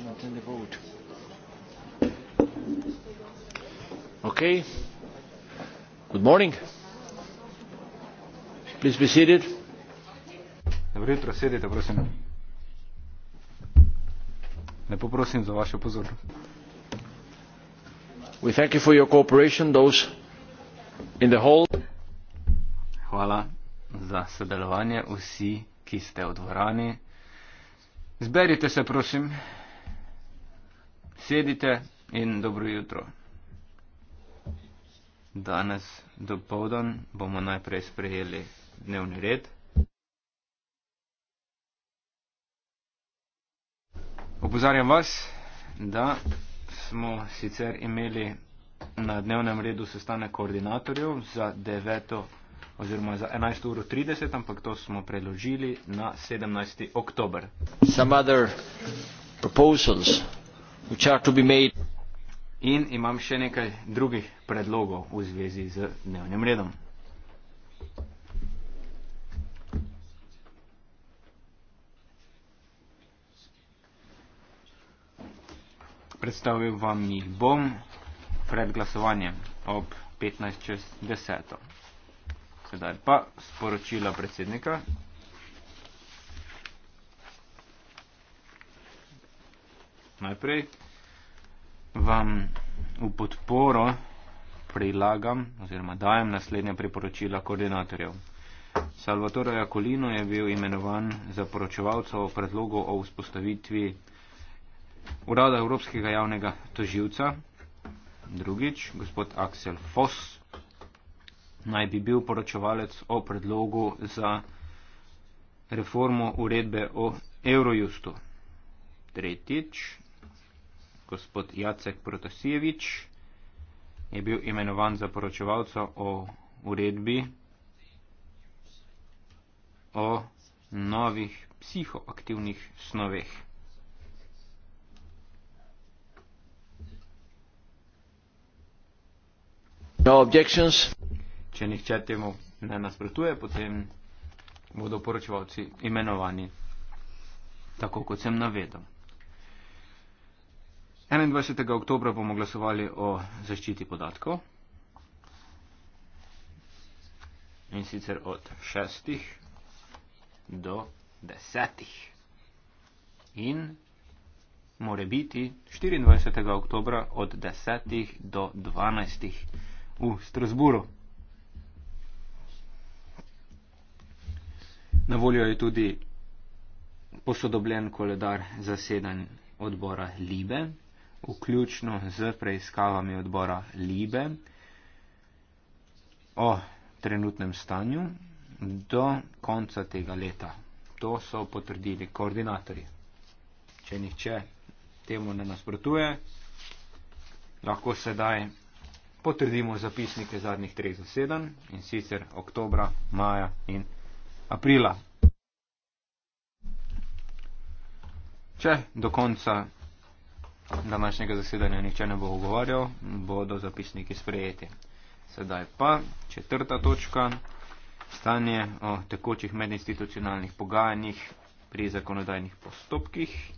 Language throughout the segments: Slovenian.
voting until the vote. Okay. Good morning. Please be seated. Dobro jutro, sedite, prosim. Lepo prosim za vašo pozornost. We thank you for your cooperation, those in the hall. Hvala za sodelovanje vsi, ki ste v dvorani. Zberite se, prosim sedite in dobro jutro. Danes do povdan bomo najprej sprejeli dnevni red. Opozarjam vas, da smo sicer imeli na dnevnem redu sestanek koordinatorjev za 9. oziroma za 11.30, ampak to smo preložili na 17. oktober which are to be made. In imam še nekaj drugih predlogov v zvezi z dnevnim redom. Predstavil vam jih bom pred glasovanjem ob 15 čez 10. Sedaj pa sporočila predsednika. Najprej vam v podporo prilagam oziroma dajem naslednja priporočila koordinatorjev. Salvatore Jakolino je bil imenovan za poročevalca o predlogu o vzpostavitvi Urada Evropskega javnega toživca. Drugič, gospod Aksel Foss naj bi bil poročevalec o predlogu za reformo uredbe o Eurojustu. Tretjič, gospod Jacek Protasijevič je bil imenovan za poročevalca o uredbi o novih psihoaktivnih snoveh. No objections. Če nihče temu ne nasprotuje, potem bodo poročevalci imenovani tako, kot sem navedel. 21. oktober bomo glasovali o zaščiti podatkov in sicer od 6. do 10. in more biti 24. oktober od 10. do 12. v Strasburu. Na voljo je tudi posodobljen koledar zasedanj odbora Libe, vključno z preiskavami odbora Libe o trenutnem stanju do konca tega leta. To so potrdili koordinatorji. Če nihče temu ne nasprotuje, lahko sedaj potrdimo zapisnike zadnjih treh zasedanj in sicer oktobra, maja in aprila. Če do konca današnjega zasedanja niče ne bo ogovarjal, bodo zapisniki sprejeti. Sedaj pa četrta točka, stanje o tekočih medinstitucionalnih pogajanjih pri zakonodajnih postopkih.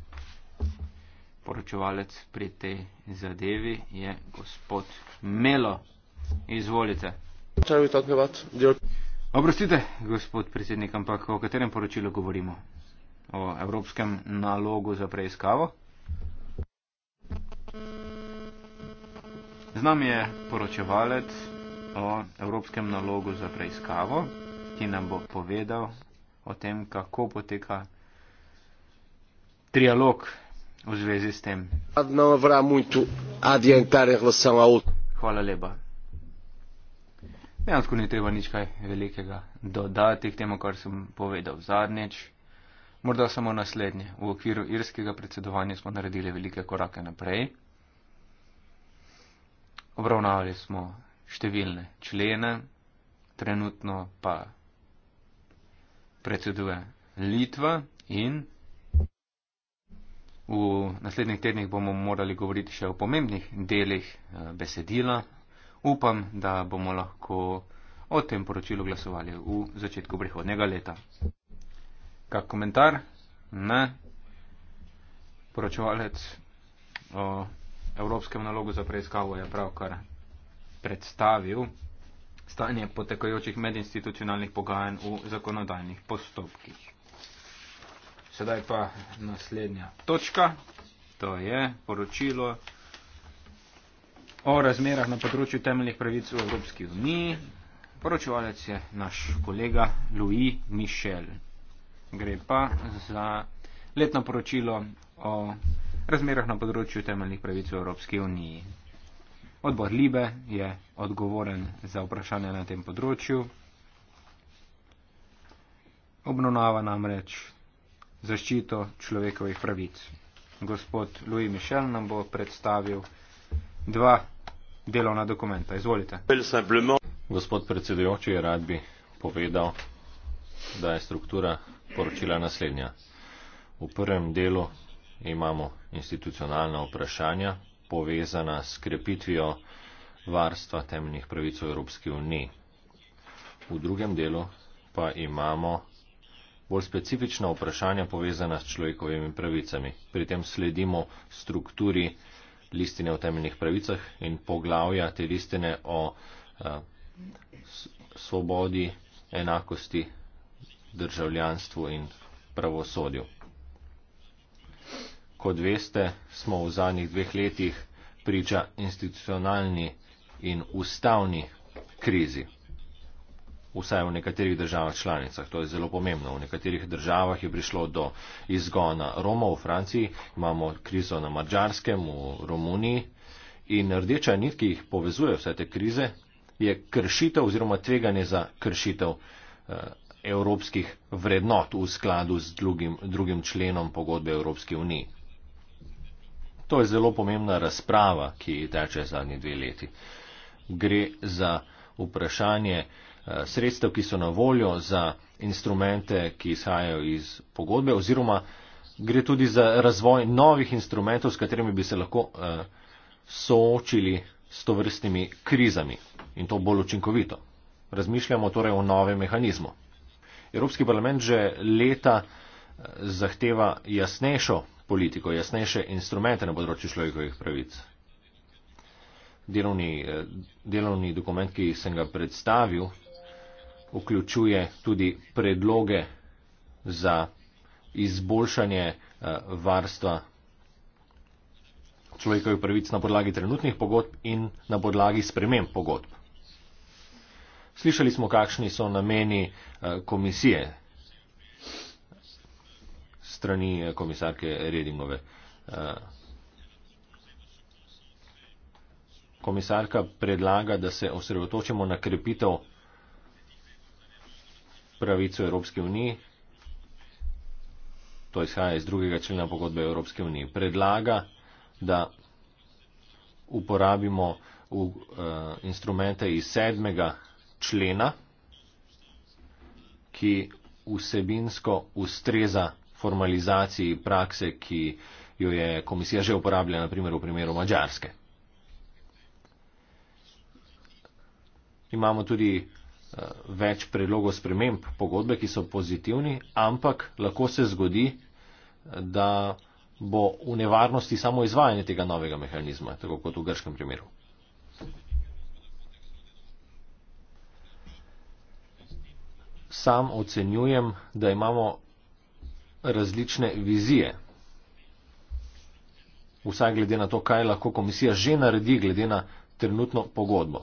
Poročevalec pri tej zadevi je gospod Melo. Izvolite. Oprostite, gospod predsednik, ampak o katerem poročilu govorimo? O evropskem nalogu za preiskavo? nami je poročevalec o Evropskem nalogu za preiskavo, ki nam bo povedal o tem, kako poteka trialog v zvezi s tem. Hvala lepa. Dejansko ni treba nič kaj velikega dodati k temu, kar sem povedal zadnjič. Morda samo naslednje. V okviru irskega predsedovanja smo naredili velike korake naprej. Obravnavali smo številne člene, trenutno pa predseduje Litva in v naslednjih tednih bomo morali govoriti še o pomembnih delih eh, besedila. Upam, da bomo lahko o tem poročilu glasovali v začetku prihodnega leta. Kak komentar? Ne. Poročevalec. O... Evropskem nalogu za preiskavo je pravkar predstavil stanje potekajočih medinstitucionalnih pogajanj v zakonodajnih postopkih. Sedaj pa naslednja točka, to je poročilo o razmerah na področju temeljnih pravic v Evropski uniji. Poročevalec je naš kolega Louis Michel. Gre pa za letno poročilo o razmerah na področju temeljnih pravic v Evropski uniji. Odbor Libe je odgovoren za vprašanje na tem področju. Obnonava namreč zaščito človekovih pravic. Gospod Louis Michel nam bo predstavil dva delovna dokumenta. Izvolite. Gospod predsedujoči je rad bi povedal, da je struktura poročila naslednja. V prvem delu imamo institucionalna vprašanja povezana s krepitvijo varstva temeljnih pravic v Evropski uniji. V drugem delu pa imamo bolj specifična vprašanja povezana s človekovimi pravicami. Pri tem sledimo strukturi listine o temeljnih pravicah in poglavja te listine o a, eh, svobodi, enakosti, državljanstvu in pravosodju. Kot veste, smo v zadnjih dveh letih priča institucionalni in ustavni krizi. Vsaj v nekaterih državah članicah, to je zelo pomembno. V nekaterih državah je prišlo do izgona Romov v Franciji, imamo krizo na Mačarskem, v Romuniji in rdeča nit, ki jih povezuje vse te krize, je kršitev oziroma tveganje za kršitev eh, evropskih vrednot v skladu z drugim, drugim členom pogodbe Evropske unije. To je zelo pomembna razprava, ki teče zadnji dve leti. Gre za vprašanje eh, sredstev, ki so na voljo za instrumente, ki izhajajo iz pogodbe, oziroma gre tudi za razvoj novih instrumentov, s katerimi bi se lahko eh, soočili s tovrstnimi krizami in to bolj učinkovito. Razmišljamo torej o novem mehanizmu. Evropski parlament že leta zahteva jasnejšo politiko, jasnejše instrumente na področju človekovih pravic. Delovni, eh, delovni dokument, ki sem ga predstavil, vključuje tudi predloge za izboljšanje eh, varstva človekovih pravic na podlagi trenutnih pogodb in na podlagi sprememb pogodb. Slišali smo, kakšni so nameni eh, komisije strani eh, komisarke Redingove. Eh, komisarka predlaga, da se osredotočimo na krepitev pravico Evropske unije. To izhaja iz drugega člena pogodbe Evropske unije. Predlaga, da uporabimo v, uh, eh, instrumente iz sedmega člena, ki vsebinsko ustreza formalizaciji prakse, ki jo je komisija že uporabljala, naprimer v primeru Mačarske. Imamo tudi eh, več predlogov sprememb pogodbe, ki so pozitivni, ampak lahko se zgodi, da bo v nevarnosti samo izvajanje tega novega mehanizma, tako kot v grškem primeru. Sam ocenjujem, da imamo različne vizije. Vsaj glede na to, kaj lahko komisija že naredi, glede na trenutno pogodbo.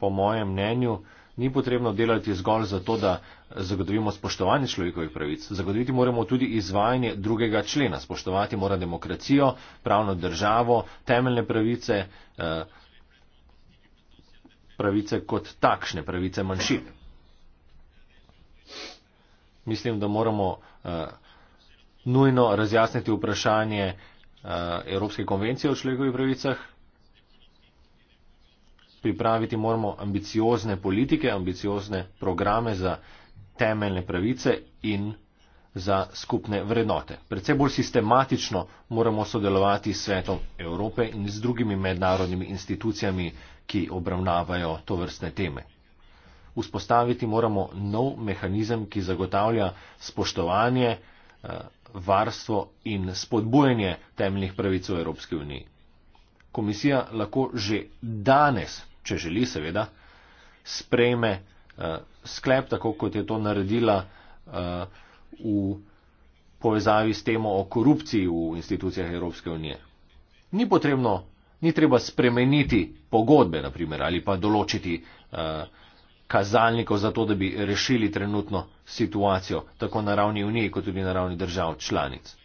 Po mojem mnenju ni potrebno delati zgolj zato, da zagotovimo spoštovanje človekovih pravic. Zagotoviti moramo tudi izvajanje drugega člena. Spoštovati mora demokracijo, pravno državo, temeljne pravice, eh, pravice kot takšne, pravice manjšine mislim, da moramo uh, nujno razjasniti vprašanje uh, Evropske konvencije o človekovih pravicah. Pripraviti moramo ambiciozne politike, ambiciozne programe za temeljne pravice in za skupne vrednote. Predvsej bolj sistematično moramo sodelovati s svetom Evrope in z drugimi mednarodnimi institucijami, ki obravnavajo to vrstne teme vzpostaviti moramo nov mehanizem, ki zagotavlja spoštovanje, eh, varstvo in spodbujanje temeljnih pravic v Evropski uniji. Komisija lahko že danes, če želi seveda, sprejme eh, sklep, tako kot je to naredila eh, v povezavi s temo o korupciji v institucijah Evropske unije. Ni potrebno, ni treba spremeniti pogodbe, naprimer, ali pa določiti eh, kazalnikov za to, da bi rešili trenutno situacijo, tako na ravni Unije, kot tudi na ravni držav članic.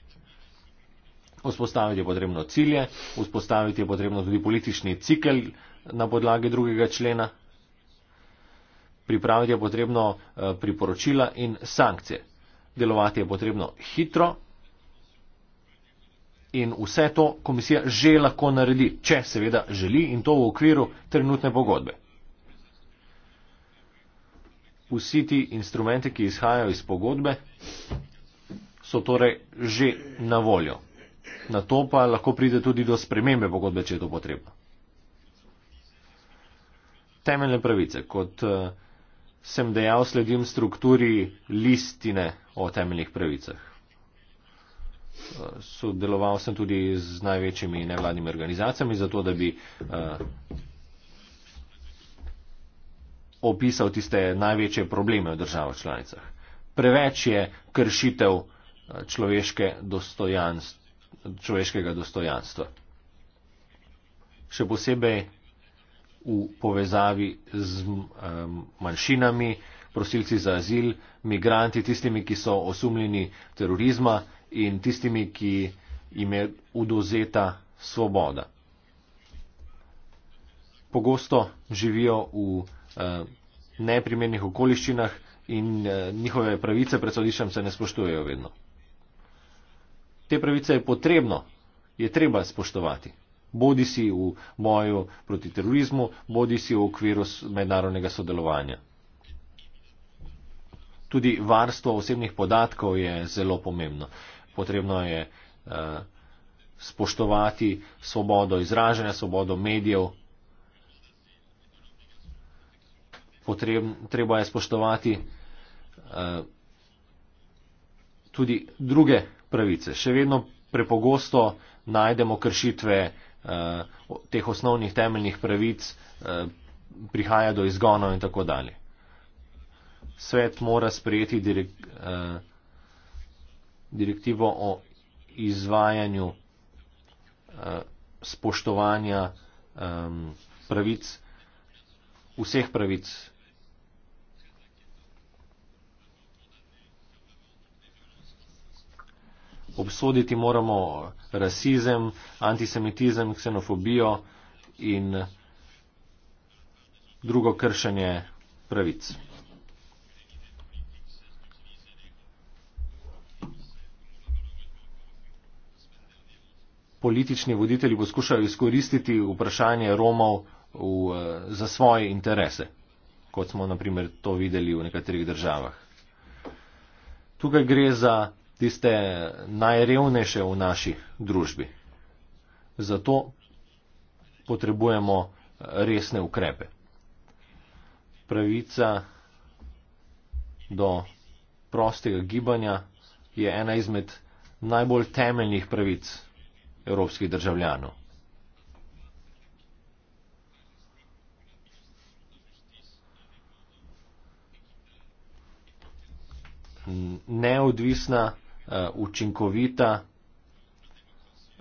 Vzpostaviti je potrebno cilje, vzpostaviti je potrebno tudi politični cikl na podlagi drugega člena, pripraviti je potrebno eh, priporočila in sankcije. Delovati je potrebno hitro in vse to komisija že lahko naredi, če seveda želi in to v okviru trenutne pogodbe vsi ti instrumenti, ki izhajajo iz pogodbe, so torej že na voljo. Na to pa lahko pride tudi do spremembe pogodbe, če je to potrebno. Temeljne pravice. Kot eh, sem dejal, sledim strukturi listine o temeljnih pravicah. Eh, sodeloval sem tudi z največjimi nevladnimi organizacijami, zato da bi eh, opisal tiste največje probleme v državah članicah. Preveč je kršitev eh, človeške dostojanstv, človeškega dostojanstva. Še posebej v povezavi z manjšinami, prosilci za azil, migranti, tistimi, ki so osumljeni terorizma in tistimi, ki jim je udozeta svoboda. Pogosto živijo v Eh, neprimernih okoliščinah in eh, njihove pravice pred sodiščem se ne spoštujejo vedno. Te pravice je potrebno, je treba spoštovati. Bodi si v boju proti terorizmu, bodi si v okviru mednarodnega sodelovanja. Tudi varstvo osebnih podatkov je zelo pomembno. Potrebno je uh, spoštovati svobodo izražanja, svobodo medijev, potreb, treba je spoštovati eh, tudi druge pravice. Še vedno prepogosto najdemo kršitve eh, teh osnovnih temeljnih pravic, eh, prihaja do izgonov in tako dalje. Svet mora sprejeti direktivo o izvajanju spoštovanja pravic, vseh pravic obsoditi moramo rasizem, antisemitizem, ksenofobijo in drugo kršenje pravic. Politični voditelji poskušajo izkoristiti vprašanje Romov v, eh, za svoje interese, kot smo naprimer to videli v nekaterih državah. Tukaj gre za tiste najrevnejše v naši družbi. Zato potrebujemo resne ukrepe. Pravica do prostega gibanja je ena izmed najbolj temeljnih pravic evropskih državljanov. Neodvisna Eh, učinkovita,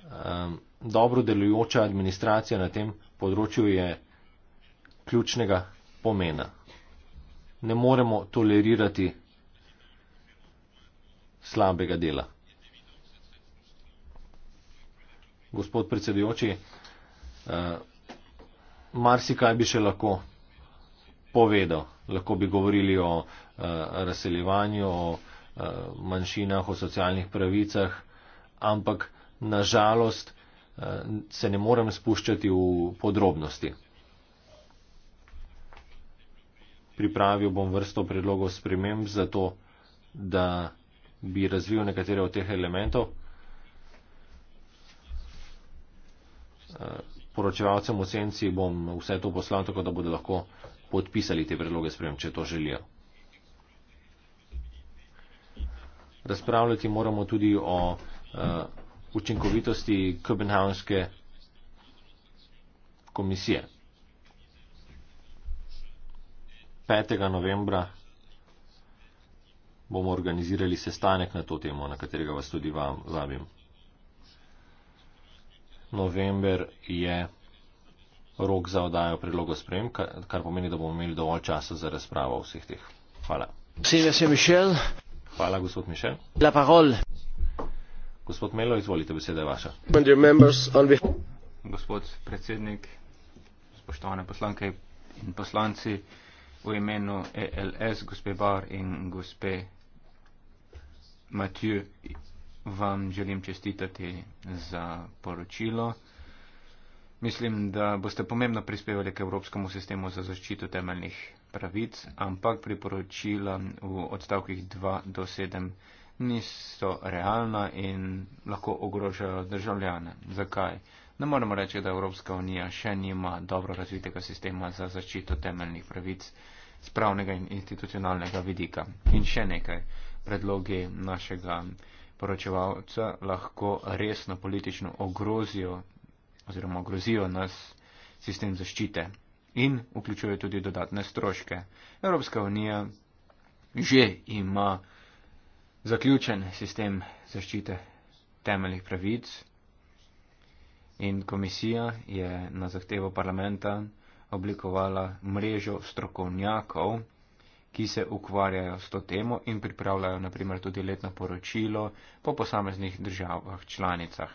eh, dobro delujoča administracija na tem področju je ključnega pomena. Ne moremo tolerirati slabega dela. Gospod predsedujoči, eh, marsikaj bi še lahko povedal. Lahko bi govorili o razseljevanju, o Eh, manjšinah, o socialnih pravicah, ampak nažalost eh, se ne morem spuščati v podrobnosti. Pripravil bom vrsto predlogov sprememb za to, da bi razvil nekatere od teh elementov. Eh, poročevalcem v senci bom vse to poslal, tako da bodo lahko podpisali te predloge sprememb, če to želijo. razpravljati moramo tudi o uh, učinkovitosti Kopenhavnske komisije. 5. novembra bomo organizirali sestanek na to temo, na katerega vas tudi vam zavim. November je rok za odajo predlogov sprejem, kar pomeni, da bomo imeli dovolj časa za razpravo vseh teh. Hvala. Vsi, Hvala, gospod Mišel. La parole. Gospod Melo, izvolite, beseda je vaša. Gospod predsednik, spoštovane poslanke in poslanci, v imenu ELS, gospe Bar in gospe Matju, vam želim čestitati za poročilo. Mislim, da boste pomembno prispevali k Evropskemu sistemu za zaščito temeljnih pravic, ampak priporočila v odstavkih 2 do 7 niso realna in lahko ogrožajo državljane. Zakaj? Ne moremo reči, da Evropska unija še nima dobro razvitega sistema za zaščito temeljnih pravic z pravnega in institucionalnega vidika. In še nekaj, predlogi našega poročevalca lahko resno politično ogrozijo oziroma ogrozijo nas sistem zaščite in vključuje tudi dodatne stroške. Evropska unija že ima zaključen sistem zaščite temeljnih pravic in komisija je na zahtevo parlamenta oblikovala mrežo strokovnjakov, ki se ukvarjajo s to temo in pripravljajo naprimer tudi letno poročilo po posameznih državah članicah.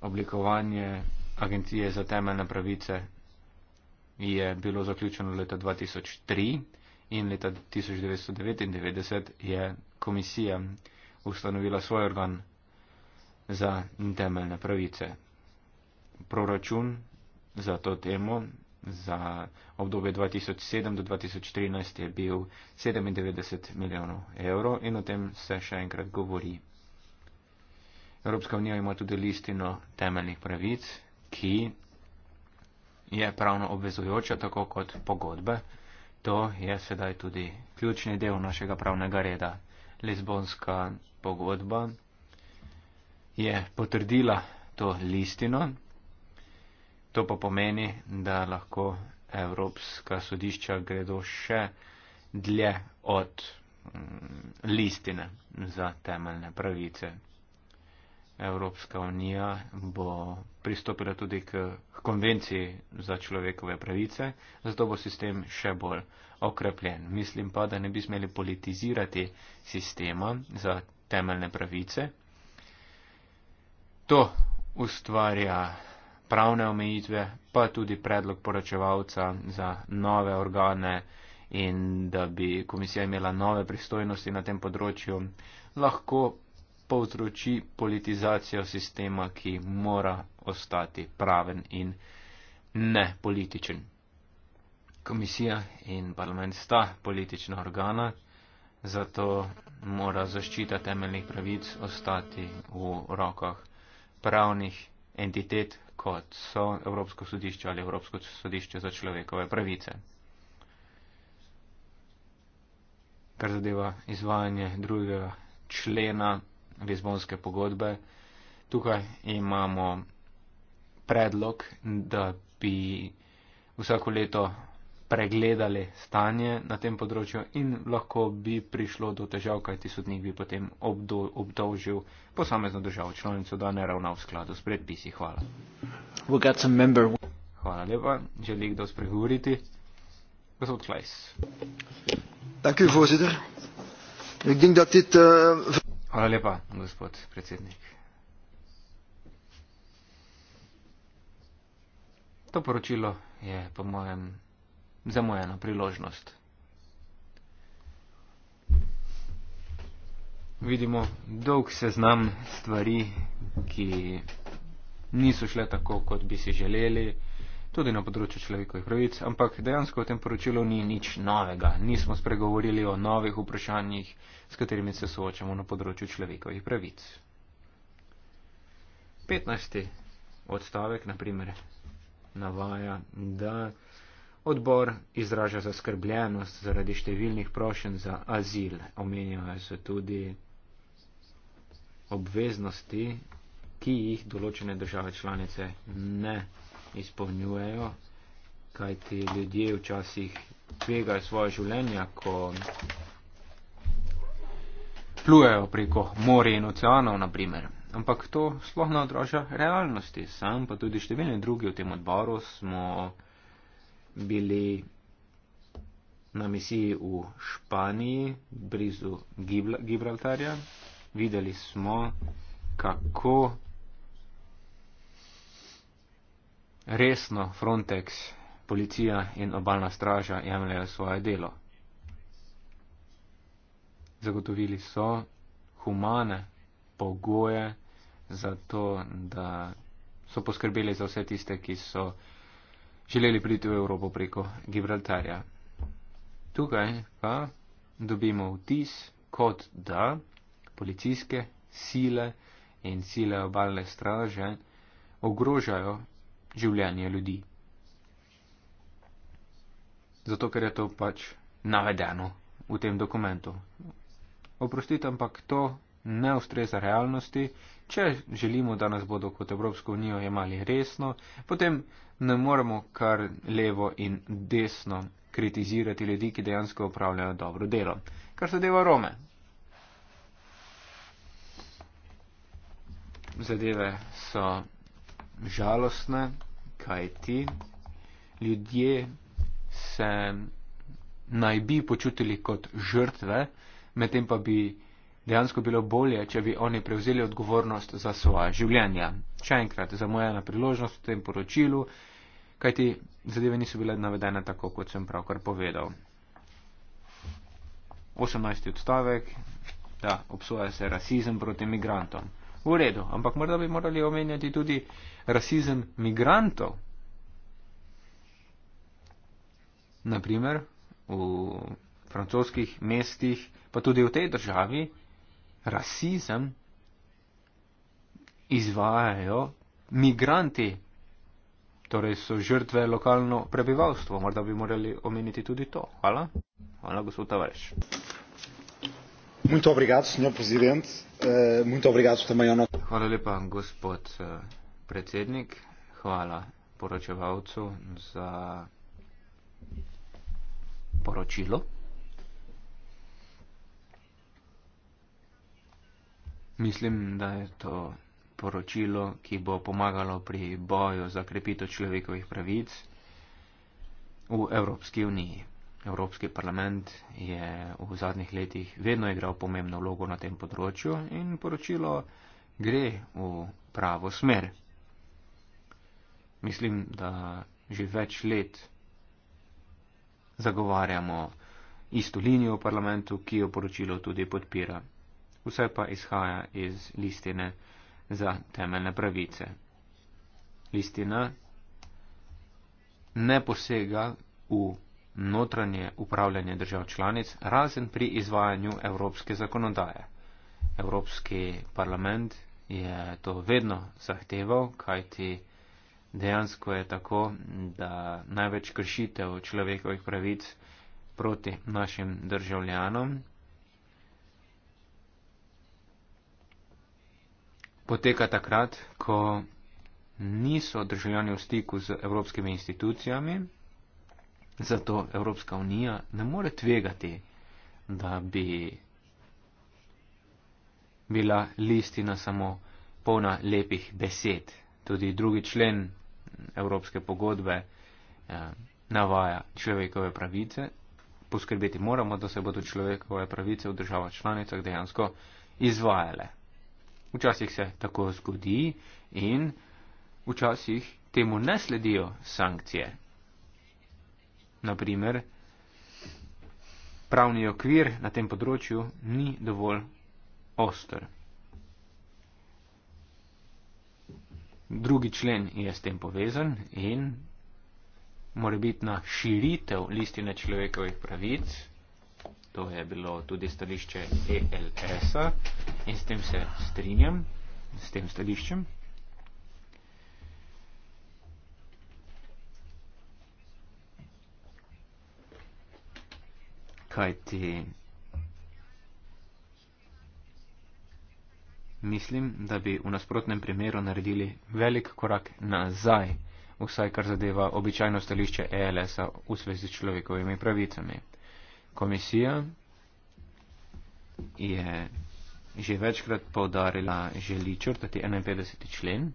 Oblikovanje agencije za temeljne pravice je bilo zaključeno leta 2003 in leta 1999 je komisija ustanovila svoj organ za temeljne pravice. Proračun za to temo za obdobje 2007 do 2013 je bil 97 milijonov evrov in o tem se še enkrat govori. Evropska unija ima tudi listino temeljnih pravic, ki je pravno obvezujoča, tako kot pogodbe. To je sedaj tudi ključni del našega pravnega reda. Lizbonska pogodba je potrdila to listino. To pa pomeni, da lahko Evropska sodišča gredo še dlje od mm, listine za temeljne pravice, Evropska unija bo pristopila tudi k konvenciji za človekove pravice, zato bo sistem še bolj okrepljen. Mislim pa, da ne bi smeli politizirati sistema za temeljne pravice. To ustvarja pravne omejitve, pa tudi predlog poročevalca za nove organe in da bi komisija imela nove pristojnosti na tem področju, lahko povzroči politizacijo sistema, ki mora ostati praven in ne političen. Komisija in parlament sta politična organa, zato mora zaščita temeljnih pravic ostati v rokah pravnih entitet, kot so Evropsko sodišče ali Evropsko sodišče za človekove pravice. Kar zadeva izvajanje drugega člena Lizbonske pogodbe. Tukaj imamo predlog, da bi vsako leto pregledali stanje na tem področju in lahko bi prišlo do težav, kajti sodnik bi potem obdo, obdolžil posamezno državo članico, da ne ravna v skladu s predpisi. Hvala. Hvala lepa. Želi kdo spregovoriti? Gospod Klajs. Dank u voorzitter. Ik denk dat dit. Uh... Hvala lepa, gospod predsednik. To poročilo je po mojem zamujena priložnost. Vidimo dolg seznam stvari, ki niso šle tako, kot bi si želeli tudi na področju človekovih pravic, ampak dejansko v tem poročilu ni nič novega. Nismo spregovorili o novih vprašanjih, s katerimi se soočamo na področju človekovih pravic. 15. odstavek, naprimer, navaja, da odbor izraža zaskrbljenost zaradi številnih prošen za azil. Omenjajo se tudi obveznosti, ki jih določene države članice ne izpolnjujejo, kaj ti ljudje včasih tvegajo svoje življenja, ko plujejo preko morja in oceanov, naprimer. Ampak to sploh ne odraža realnosti. Sam pa tudi številni drugi v tem odboru smo bili na misiji v Španiji, blizu Gibraltarja. Videli smo, kako resno Frontex, policija in obalna straža jemljajo svoje delo. Zagotovili so humane pogoje za to, da so poskrbeli za vse tiste, ki so želeli priti v Evropo preko Gibraltarja. Tukaj pa dobimo vtis, kot da policijske sile in sile obalne straže ogrožajo življenje ljudi. Zato, ker je to pač navedeno v tem dokumentu. Oprostite, ampak to ne ustreza realnosti. Če želimo, da nas bodo kot Evropsko unijo jemali resno, potem ne moremo kar levo in desno kritizirati ljudi, ki dejansko upravljajo dobro delo. Kar zadeva Rome. Zadeve so žalostne kajti ljudje se naj bi počutili kot žrtve, medtem pa bi dejansko bilo bolje, če bi oni prevzeli odgovornost za svoje življenja. Še enkrat, za moja ena priložnost v tem poročilu, kajti zadeve niso bile navedene tako, kot sem pravkar povedal. 18. odstavek, da obsoja se rasizem proti imigrantom v redu, ampak morda bi morali omenjati tudi rasizem migrantov. Naprimer, v francoskih mestih, pa tudi v tej državi, rasizem izvajajo migranti, torej so žrtve lokalno prebivalstvo. Morda bi morali omeniti tudi to. Hvala, Hvala gospod Tavares. Muito obrigado, Sr. Presidente. Uh, muito obrigado também ao nosso. Hvala lepa, gospod uh, predsednik. Hvala poročevalcu za poročilo. Mislim, da je to poročilo, ki bo pomagalo pri boju za krepitev človekovih pravic v Evropski uniji. Evropski parlament je v zadnjih letih vedno igral pomembno vlogo na tem področju in poročilo gre v pravo smer. Mislim, da že več let zagovarjamo isto linijo v parlamentu, ki jo poročilo tudi podpira. Vse pa izhaja iz listine za temeljne pravice. Listina ne posega v notranje upravljanje držav članic, razen pri izvajanju evropske zakonodaje. Evropski parlament je to vedno zahteval, kajti dejansko je tako, da največ kršitev človekovih pravic proti našim državljanom poteka takrat, ko niso državljani v stiku z evropskimi institucijami, Zato Evropska unija ne more tvegati, da bi bila listina samo polna lepih besed. Tudi drugi člen Evropske pogodbe eh, navaja človekove pravice. Poskrbeti moramo, da se bodo človekove pravice v državah članicah dejansko izvajale. Včasih se tako zgodi in včasih temu ne sledijo sankcije naprimer, pravni okvir na tem področju ni dovolj oster. Drugi člen je s tem povezan in mora biti na širitev listine človekovih pravic, to je bilo tudi stališče ELS-a in s tem se strinjam, s tem stališčem. kajti mislim, da bi v nasprotnem primeru naredili velik korak nazaj, vsaj kar zadeva običajno stališče ELS-a v svezi s človekovimi pravicami. Komisija je že večkrat povdarila, želi črtati 51. člen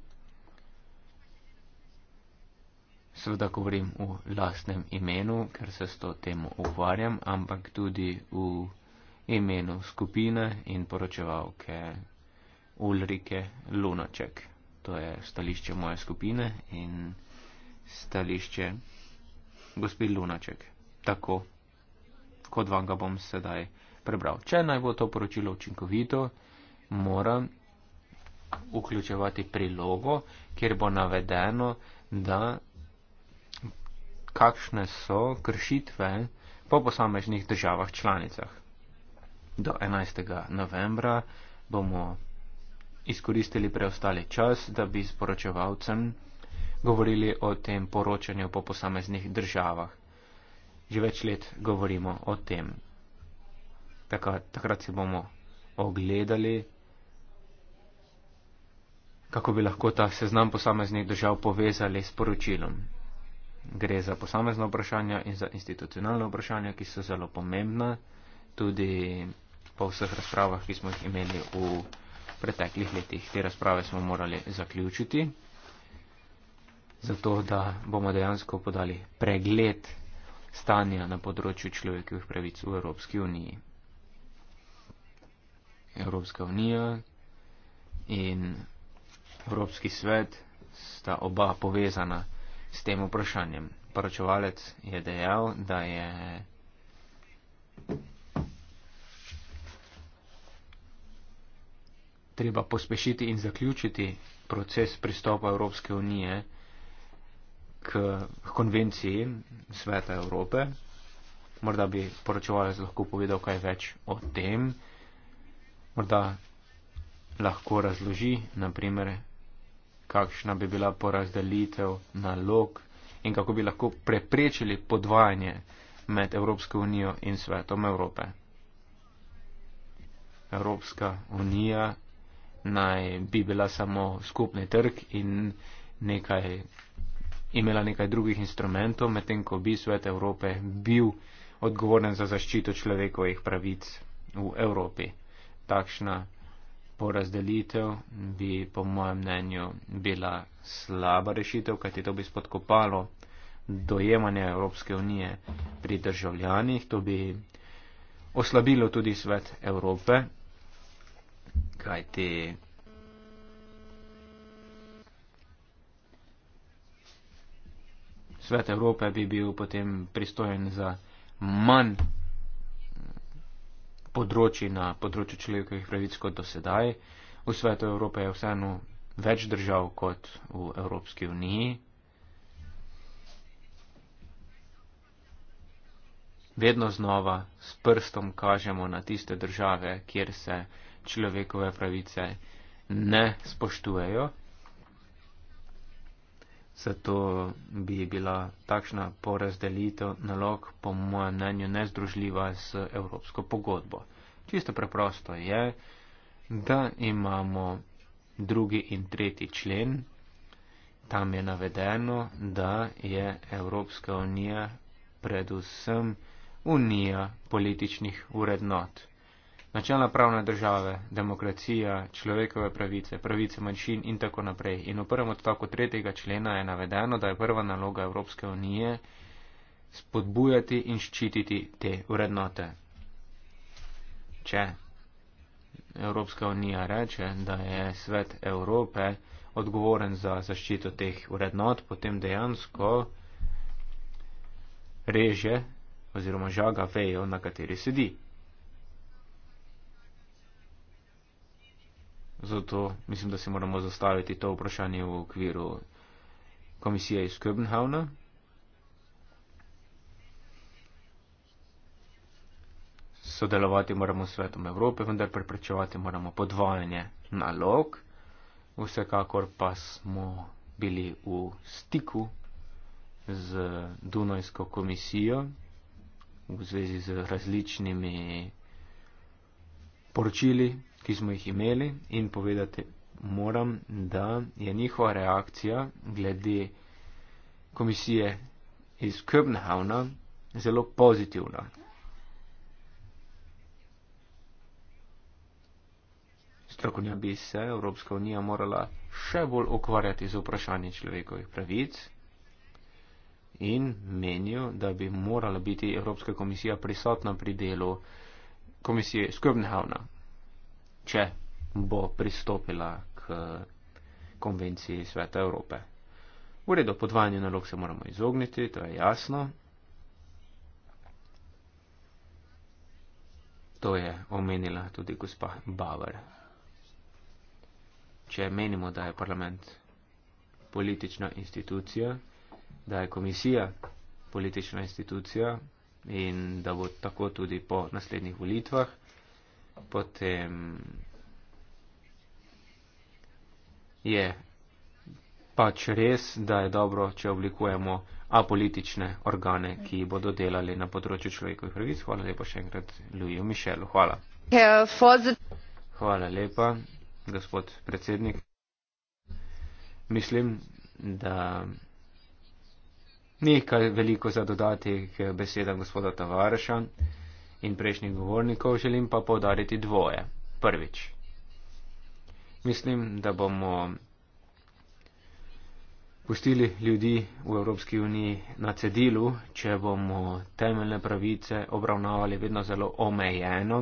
seveda govorim v lastnem imenu, ker se s to temo ukvarjam, ampak tudi v imenu skupine in poročevalke Ulrike Lunaček. To je stališče moje skupine in stališče gospod Lunaček. Tako, kot vam ga bom sedaj prebral. Če naj bo to poročilo učinkovito, moram vključevati prilogo, kjer bo navedeno, da kakšne so kršitve po posameznih državah članicah. Do 11. novembra bomo izkoristili preostali čas, da bi sporočevalcem govorili o tem poročanju po posameznih državah. Že več let govorimo o tem. Taka, takrat si bomo ogledali, kako bi lahko ta seznam posameznih držav povezali s poročilom gre za posamezna vprašanja in za institucionalna vprašanja, ki so zelo pomembna tudi po vseh razpravah, ki smo jih imeli v preteklih letih. Te razprave smo morali zaključiti, zato da bomo dejansko podali pregled stanja na področju človekovih pravic v Evropski uniji. Evropska unija in Evropski svet sta oba povezana s tem vprašanjem. Poročevalec je dejal, da je treba pospešiti in zaključiti proces pristopa Evropske unije k konvenciji Sveta Evrope. Morda bi poročevalec lahko povedal kaj več o tem. Morda lahko razloži, naprimer, kakšna bi bila porazdelitev nalog in kako bi lahko preprečili podvajanje med Evropsko unijo in svetom Evrope. Evropska unija naj bi bila samo skupni trg in nekaj, imela nekaj drugih instrumentov, medtem ko bi svet Evrope bil odgovoren za zaščito človekovih pravic v Evropi. Takšna porazdelitev bi po mojem mnenju bila slaba rešitev, kajti to bi spodkopalo dojemanje Evropske unije pri državljanih, to bi oslabilo tudi svet Evrope, kajti svet Evrope bi bil potem pristojen za manj področji na področju človekovih pravic kot do sedaj. V svetu Evrope je vseeno več držav kot v Evropski uniji. Vedno znova s prstom kažemo na tiste države, kjer se človekove pravice ne spoštujejo. Zato bi bila takšna porazdelitev nalog, po mojem mnenju, nezdružljiva z Evropsko pogodbo. Čisto preprosto je, da imamo drugi in tretji člen. Tam je navedeno, da je Evropska unija predvsem unija političnih urednot načela pravne države, demokracija, človekove pravice, pravice manjšin in tako naprej. In v prvem odstavku tretjega člena je navedeno, da je prva naloga Evropske unije spodbujati in ščititi te vrednote. Če Evropska unija reče, da je svet Evrope odgovoren za zaščito teh vrednot, potem dejansko reže oziroma žaga vejo, na kateri sedi. zato mislim, da si moramo zastaviti to vprašanje v okviru komisije iz Köbenhavna. Sodelovati moramo s svetom Evrope, vendar preprečevati moramo podvajanje nalog. Vsekakor pa smo bili v stiku z Dunojsko komisijo v zvezi z različnimi poročili, ki smo jih imeli in povedati moram, da je njihova reakcija glede komisije iz Köbenhavna zelo pozitivna. Strokovnja bi se Evropska unija morala še bolj ukvarjati z vprašanje človekovih pravic in menijo, da bi morala biti Evropska komisija prisotna pri delu komisije Sköbenhavna če bo pristopila k konvenciji Sveta Evrope. V redu, podvajanju nalog se moramo izogniti, to je jasno. To je omenila tudi gospa Bavar. Če menimo, da je parlament politična institucija, da je komisija politična institucija in da bo tako tudi po naslednjih volitvah, potem je pač res, da je dobro, če oblikujemo apolitične organe, ki bodo delali na področju človekovih pravic. Hvala lepa še enkrat, Ljuju Mišelu. Hvala. Hvala lepa, gospod predsednik. Mislim, da ni kaj veliko za dodati k besedam gospoda Tavareša in prejšnjih govornikov želim pa povdariti dvoje. Prvič. Mislim, da bomo pustili ljudi v Evropski uniji na cedilu, če bomo temeljne pravice obravnavali vedno zelo omejeno,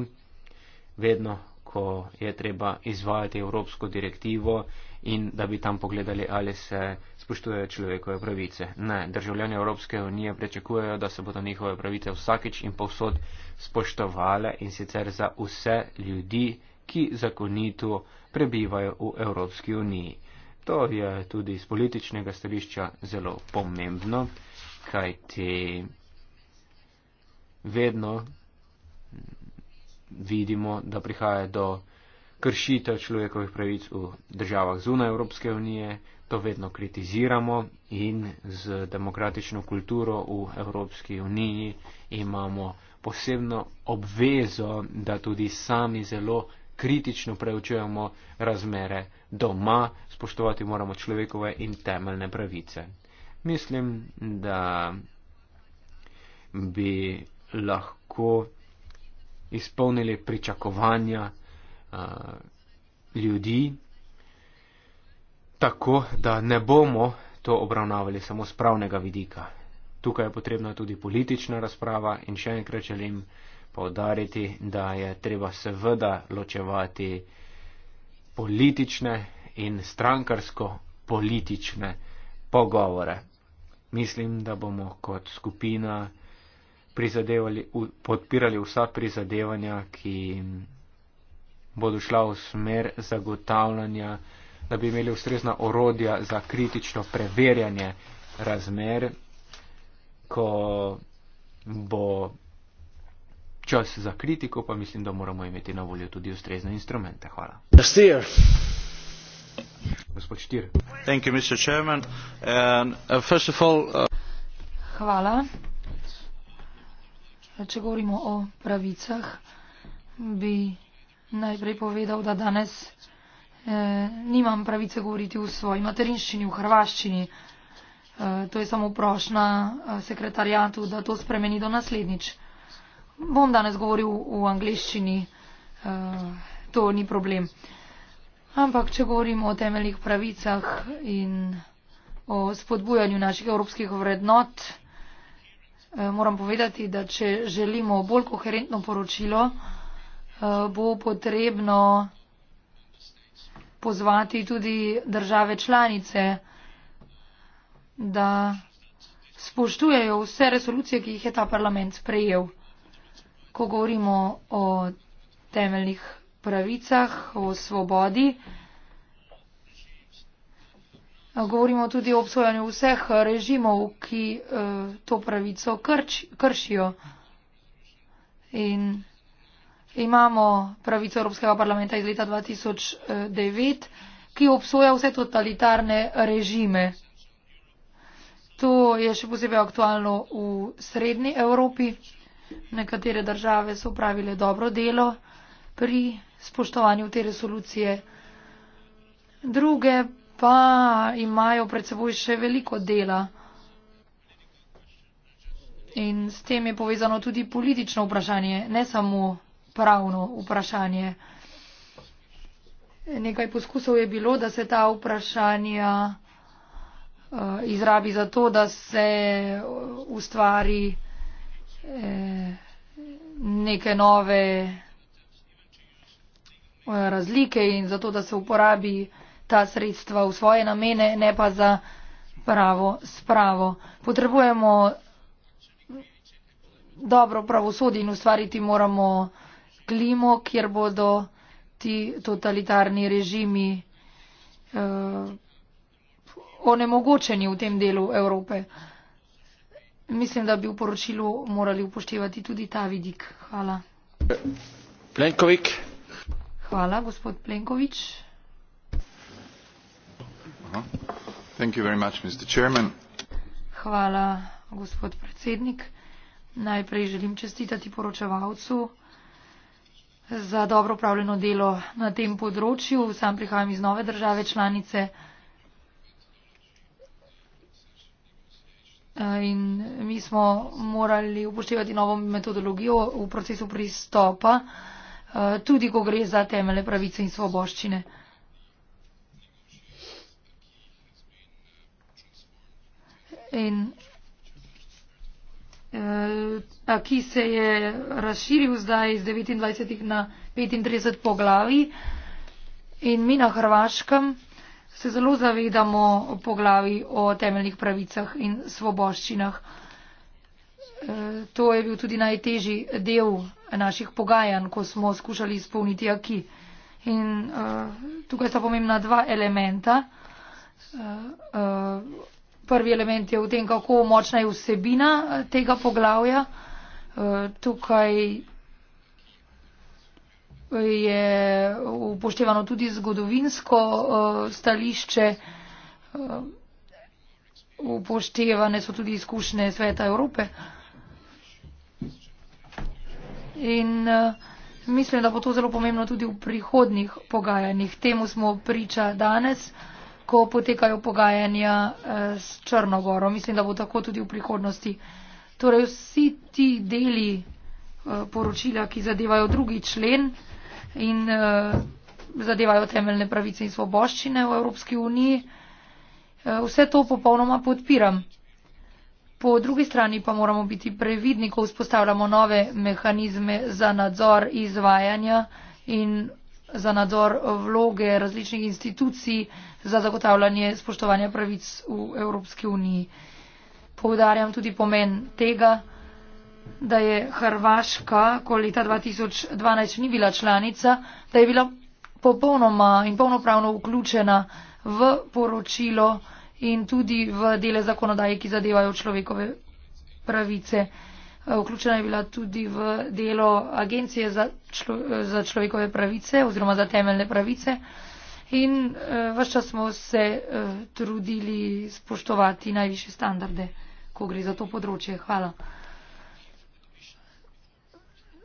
vedno, ko je treba izvajati evropsko direktivo in da bi tam pogledali, ali se spoštujejo človekove pravice. Ne, državljani Evropske unije prečakujejo, da se bodo njihove pravice vsakič in povsod spoštovale in sicer za vse ljudi, ki zakonito prebivajo v Evropski uniji. To je tudi z političnega stališča zelo pomembno, kajti vedno vidimo, da prihaja do kršitev človekovih pravic v državah zunaj Evropske unije. To vedno kritiziramo in z demokratično kulturo v Evropski uniji imamo posebno obvezo, da tudi sami zelo kritično preučujemo razmere doma, spoštovati moramo človekove in temeljne pravice. Mislim, da bi lahko izpolnili pričakovanja ljudi, tako da ne bomo to obravnavali samo z pravnega vidika. Tukaj je potrebna tudi politična razprava in še enkrat želim povdariti, da je treba seveda ločevati politične in strankarsko politične pogovore. Mislim, da bomo kot skupina podpirali vsa prizadevanja, ki bodo šla v smer zagotavljanja, da bi imeli ustrezna orodja za kritično preverjanje razmer, ko bo čas za kritiko, pa mislim, da moramo imeti na voljo tudi ustrezne instrumente. Hvala. Gospod Štir. Thank you, Mr. Chairman. And, uh, first of all, uh... Hvala. Če govorimo o pravicah, bi najprej povedal, da danes eh, nimam pravice govoriti v svoji materinščini, v hrvaščini. Eh, to je samo prošnja eh, sekretarijatu, da to spremeni do naslednjič. Bom danes govoril v angliščini, eh, to ni problem. Ampak, če govorimo o temeljnih pravicah in o spodbujanju naših evropskih vrednot, eh, moram povedati, da če želimo bolj koherentno poročilo, Eh, bo potrebno pozvati tudi države članice, da spoštujejo vse resolucije, ki jih je ta parlament sprejel. Ko govorimo o temeljnih pravicah, o svobodi, eh, govorimo tudi o obsojanju vseh režimov, ki eh, to pravico krč, kršijo. In imamo pravico Evropskega parlamenta iz leta 2009, ki obsoja vse totalitarne režime. To je še posebej aktualno v srednji Evropi. Nekatere države so upravile dobro delo pri spoštovanju te resolucije. Druge pa imajo pred seboj še veliko dela. In s tem je povezano tudi politično vprašanje, ne samo pravno vprašanje. Nekaj poskusov je bilo, da se ta vprašanja eh, izrabi za to, da se eh, ustvari eh, neke nove razlike in zato, da se uporabi ta sredstva v svoje namene, ne pa za pravo spravo. Potrebujemo dobro pravosodje in ustvariti moramo klimo, kjer bodo ti totalitarni režimi eh, onemogočeni v tem delu Evrope. Mislim, da bi v poročilu morali upoštevati tudi ta vidik. Hvala. Plenkovik. Hvala, gospod Plenkovič. Thank you very much, Mr. Chairman. Hvala, gospod predsednik. Najprej želim čestitati poročevalcu za dobro upravljeno delo na tem področju. Sam prihajam iz nove države članice eh, in mi smo morali upoštevati novo metodologijo v procesu pristopa, eh, tudi ko gre za temele pravice in svoboščine. In Eh, ki se je razširil zdaj iz 29 na 35 poglavi. In mi na Hrvaškem se zelo zavedamo poglavi o temeljnih pravicah in svoboščinah. Eh, to je bil tudi najtežji del naših pogajanj, ko smo skušali izpolniti aki. In uh, tukaj sta pomembna dva elementa. Uh, uh, prvi element je v tem, kako močna je vsebina eh, tega poglavja. Eh, tukaj je upoštevano tudi zgodovinsko eh, stališče, upoštevane so tudi izkušnje sveta Evrope. In mislim, da bo to zelo pomembno tudi v prihodnih pogajanjih. Temu smo priča danes ko potekajo pogajanja eh, s Črnogoro. Mislim, da bo tako tudi v prihodnosti. Torej, vsi ti deli eh, poročila, ki zadevajo drugi člen in eh, zadevajo temeljne pravice in svoboščine v Evropski uniji, vse to popolnoma podpiram. Po drugi strani pa moramo biti previdni, ko vzpostavljamo nove mehanizme za nadzor izvajanja in za nadzor vloge različnih institucij za zagotavljanje spoštovanja pravic v Evropski uniji. Povdarjam tudi pomen tega, da je Hrvaška, ko leta 2012 ni bila članica, da je bila popolnoma in polnopravno vključena v poročilo in tudi v dele zakonodaje, ki zadevajo človekove pravice. Eh, vključena je bila tudi v delo Agencije za, člo, eh, za človekove pravice oziroma za temeljne pravice in uh, eh, vse čas smo se uh, trudili spoštovati najviše standarde, ko gre za to področje. Hvala.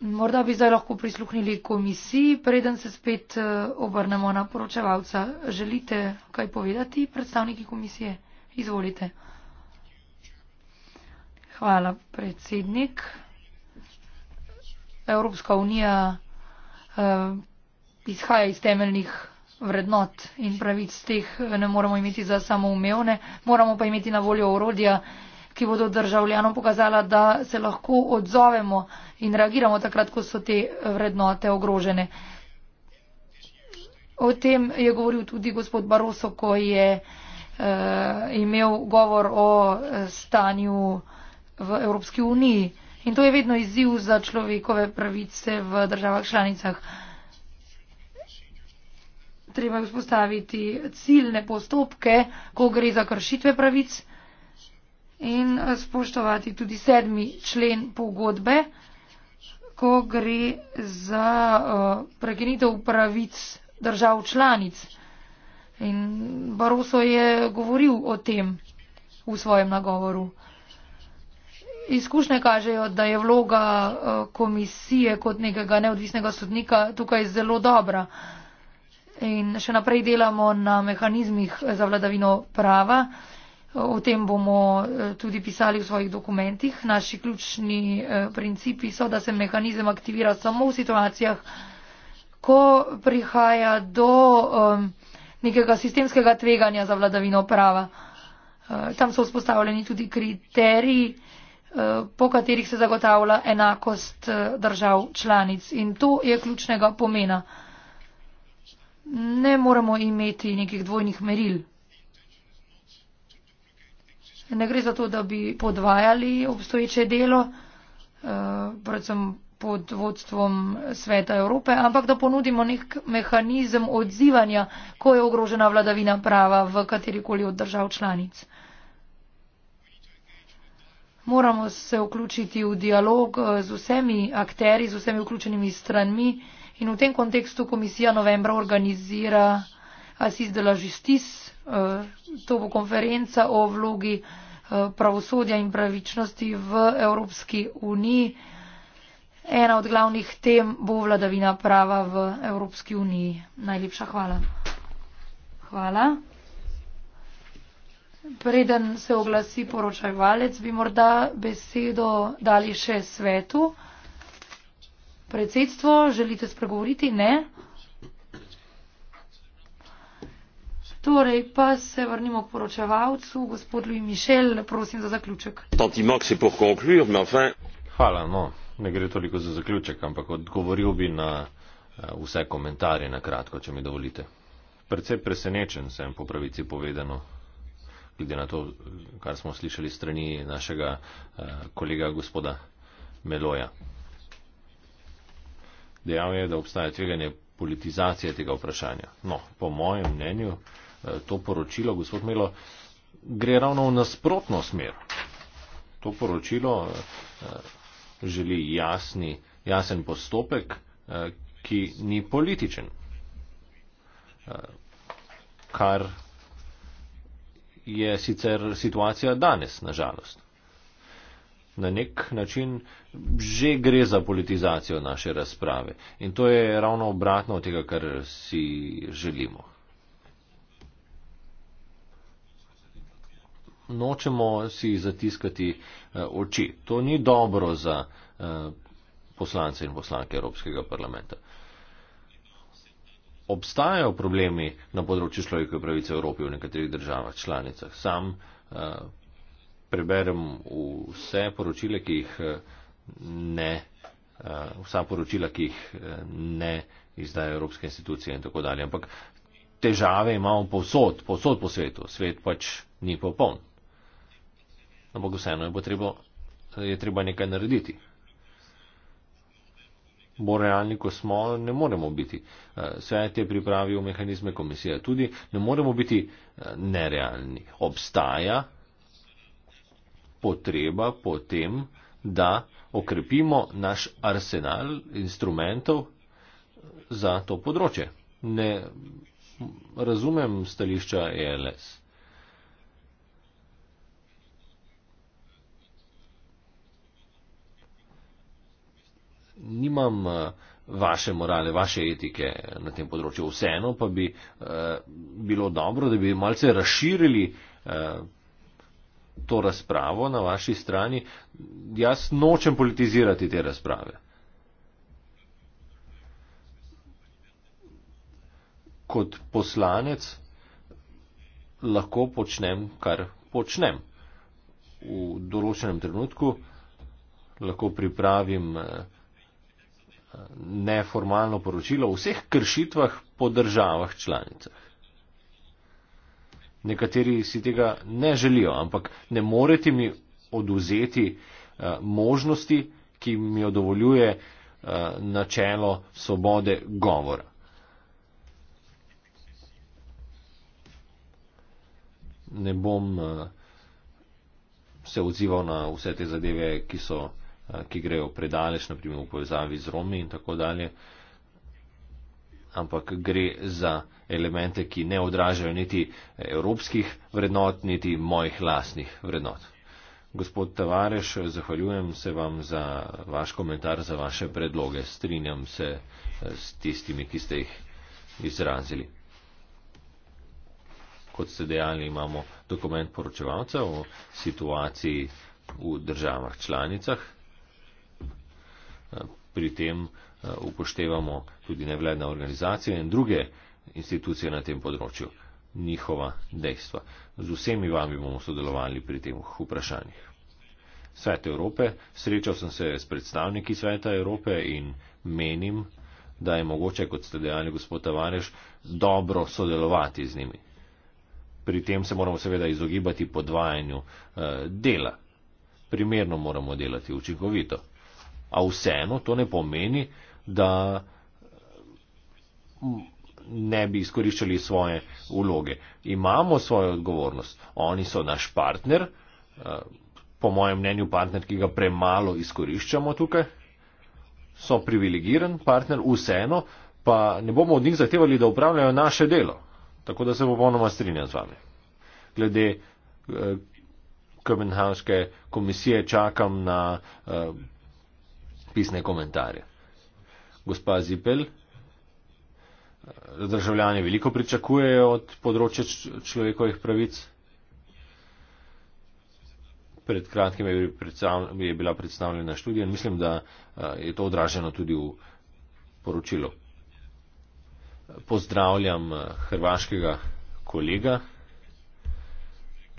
Morda bi zdaj lahko prisluhnili komisiji, preden se spet obrnemo na poročevalca. Želite kaj povedati, predstavniki komisije? Izvolite. Hvala, predsednik. Evropska unija eh, izhaja iz temeljnih vrednot in pravic teh eh, ne moramo imeti za samoumevne, moramo pa imeti na voljo orodja, ki bodo državljanom pokazala, da se lahko odzovemo in reagiramo takrat, ko so te vrednote ogrožene. O tem je govoril tudi gospod Baroso, ko je eh, imel govor o eh, stanju eh, v Evropski uniji. In to je vedno izziv za človekove pravice v državah članicah. Treba je vzpostaviti ciljne postopke, ko gre za kršitve pravic in eh, spoštovati tudi sedmi člen pogodbe, ko gre za eh, prekinitev pravic držav članic. In Baroso je govoril o tem v svojem nagovoru izkušnje kažejo, da je vloga eh, komisije kot nekega neodvisnega sodnika tukaj zelo dobra. In še naprej delamo na mehanizmih za vladavino prava. O tem bomo eh, tudi pisali v svojih dokumentih. Naši ključni eh, principi so, da se mehanizem aktivira samo v situacijah, ko prihaja do nekega sistemskega tveganja za vladavino prava. Tam so vzpostavljeni tudi kriteriji, Eh, po katerih se zagotavlja enakost eh, držav članic. In to je ključnega pomena. Ne moramo imeti nekih dvojnih meril. Ne gre za to, da bi podvajali obstoječe delo, eh, predvsem pod vodstvom Sveta Evrope, ampak da ponudimo nek mehanizem odzivanja, ko je ogrožena vladavina prava v katerikoli od držav članic moramo se vključiti v dialog eh, z vsemi akteri, z vsemi vključenimi stranmi in v tem kontekstu komisija novembra organizira Asis de la Justice, eh, to bo konferenca o vlogi eh, pravosodja in pravičnosti v Evropski uniji. Ena od glavnih tem bo vladavina prava v Evropski uniji. Najlepša hvala. Hvala. Preden se oglasi poročajvalec, bi morda besedo dali še svetu. Predsedstvo, želite spregovoriti? Ne. Torej, pa se vrnimo k poročevalcu, gospod Louis Michel, prosim za zaključek. Hvala, no, ne gre toliko za zaključek, ampak odgovoril bi na eh, vse komentarje na kratko, če mi dovolite. Predvsej presenečen sem po pravici povedano glede na to, kar smo slišali strani našega eh, kolega gospoda Meloja. Dejal je, da obstaja tveganje politizacije tega vprašanja. No, po mojem mnenju eh, to poročilo, gospod Melo, gre ravno v nasprotno smer. To poročilo eh, želi jasni, jasen postopek, ki ni političen. Kar je sicer situacija danes, nažalost. Na nek način že gre za politizacijo naše razprave in to je ravno obratno od tega, kar si želimo. Nočemo si zatiskati uh, oči. To ni dobro za uh, poslance in poslanke Evropskega parlamenta. Uh, obstajajo problemi na področju človekove pravice v Evropi v nekaterih državah članicah. Sam uh, preberem vse poročile, ki jih eh, ne, uh, vsa poročila, ki jih ne izdajo evropske institucije in tako dalje. Ampak težave imamo povsod, povsod po svetu. Svet pač ni popoln. Ampak vseeno je, potrebo, je treba nekaj narediti bolj realni, ko smo, ne moremo biti. Eh, svet je pripravil mehanizme, komisija tudi, ne moremo biti eh, nerealni. Obstaja potreba po tem, da okrepimo naš arsenal instrumentov za to področje. Ne razumem stališča ELS. nimam eh, vaše morale, vaše etike na tem področju. Vseeno pa bi eh, bilo dobro, da bi malce razširili eh, to razpravo na vaši strani. Jaz nočem politizirati te razprave. Kot poslanec lahko počnem, kar počnem. V določenem trenutku lahko pripravim eh, neformalno poročilo o vseh kršitvah po državah članicah. Nekateri si tega ne želijo, ampak ne morete mi oduzeti eh, možnosti, ki mi jo dovoljuje eh, načelo svobode govora. Ne bom eh, se odzival na vse te zadeve, ki so. Eh, ki grejo predaleč, naprimer v povezavi z Romi in tako dalje, ampak gre za elemente, ki ne odražajo niti evropskih vrednot, niti mojih lasnih vrednot. Gospod Tavareš, zahvaljujem se vam za vaš komentar, za vaše predloge. Strinjam se eh, s tistimi, ki ste jih izrazili. Kot ste dejali, imamo dokument poročevalca o situaciji v državah članicah pri tem eh, upoštevamo tudi nevladne organizacije in druge institucije na tem področju, njihova dejstva. Z vsemi vami bomo sodelovali pri tem vprašanjih. Svet Evrope, srečal sem se s predstavniki Sveta Evrope in menim, da je mogoče, kot ste dejali, gospod Tavareš, dobro sodelovati z njimi. Pri tem se moramo seveda izogibati podvajanju eh, dela. Primerno moramo delati učinkovito a vseeno to ne pomeni, da ne bi izkoriščali svoje uloge. Imamo svojo odgovornost. Oni so naš partner, eh, po mojem mnenju partner, ki ga premalo izkoriščamo tukaj, so privilegiran partner, vseeno pa ne bomo od njih zahtevali, da upravljajo naše delo. Tako da se popolnoma strinjam z vami. Glede eh, Kopenhavnske komisije čakam na eh, pisne komentarje. Gospa Zipel, državljani veliko pričakujejo od področja človekovih pravic. Pred kratkim je bila predstavljena študija in mislim, da je to odraženo tudi v poročilu. Pozdravljam hrvaškega kolega.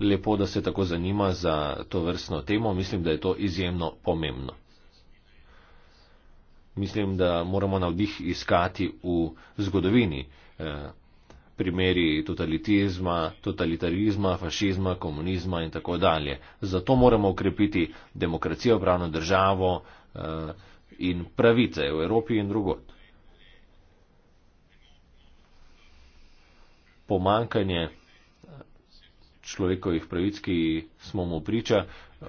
Lepo, da se tako zanima za to vrstno temo. Mislim, da je to izjemno pomembno mislim, da moramo navdih iskati v zgodovini. Eh, primeri totalitizma, totalitarizma, fašizma, komunizma in tako dalje. Zato moramo ukrepiti demokracijo, pravno državo eh, in pravice v Evropi in drugot. Pomankanje človekovih pravic, ki smo mu priča,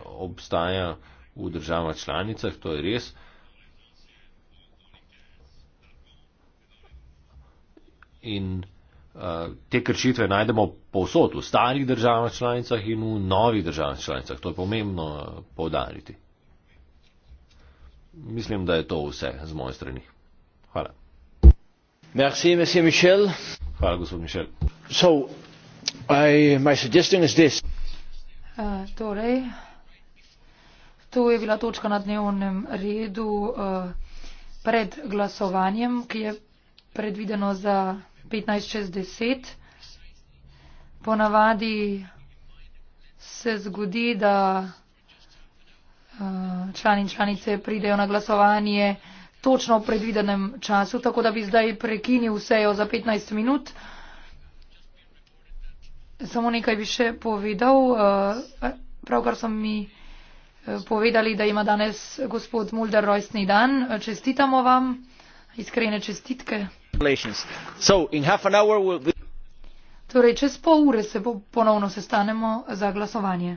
obstaja v državah članicah, to je res. in uh, te kršitve najdemo povsod, v starih državah članicah in v novih državah članicah. To je pomembno uh, povdariti. Mislim, da je to vse z moje strani. Hvala. Merci, monsieur Michel. Hvala, gospod Mišel. So, I, my suggestion is this. Uh, torej, to je bila točka na dnevnem redu uh, pred glasovanjem, ki je predvideno za. 15.60. Ponavadi se zgodi, da eh, člani in članice pridejo na glasovanje točno v predvidenem času, tako da bi zdaj prekinil sejo za 15 minut. Samo nekaj bi še povedal. Eh, pravkar so mi eh, povedali, da ima danes gospod Mulder rojstni dan. Čestitamo vam. Iskrene čestitke torej čez pol ure se ponovno sestanemo za glasovanje.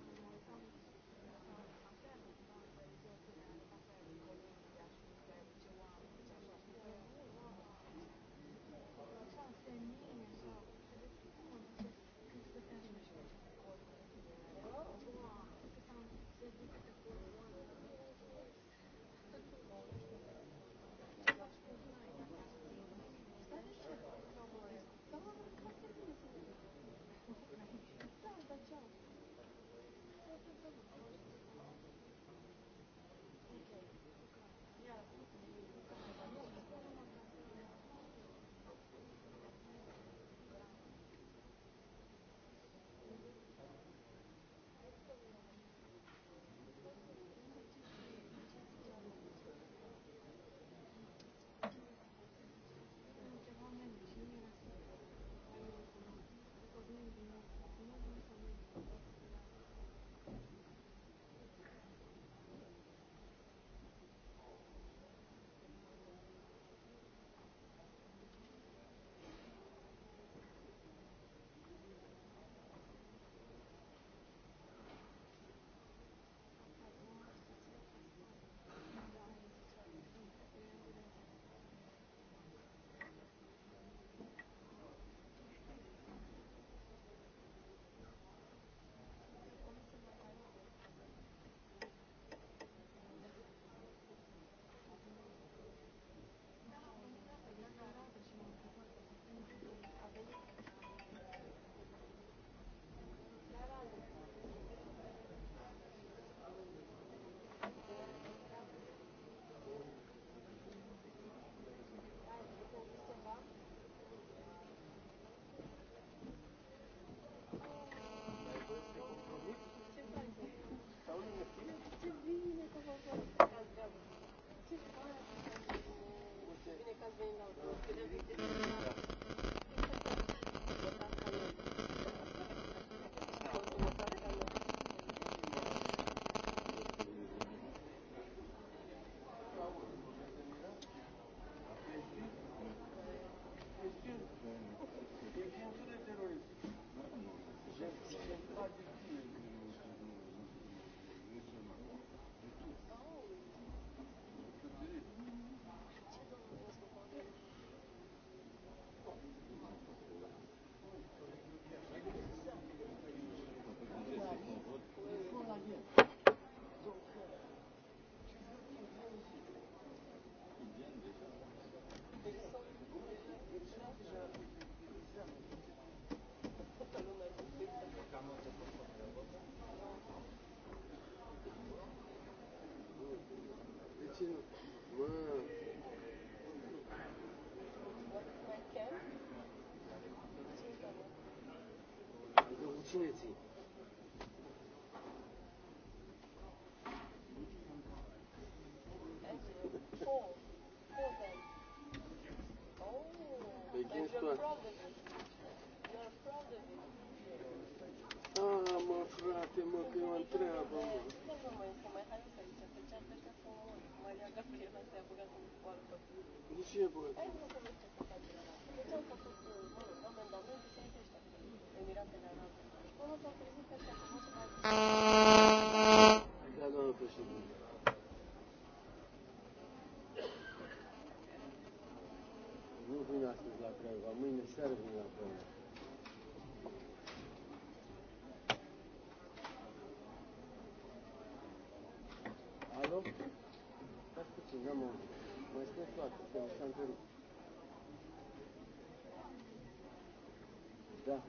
učiniti. Господу нас за кровь, а мы не сервим на кровь. Алло? Как ты ты, я могу? Мы с ней платим, я не сантерю. Да.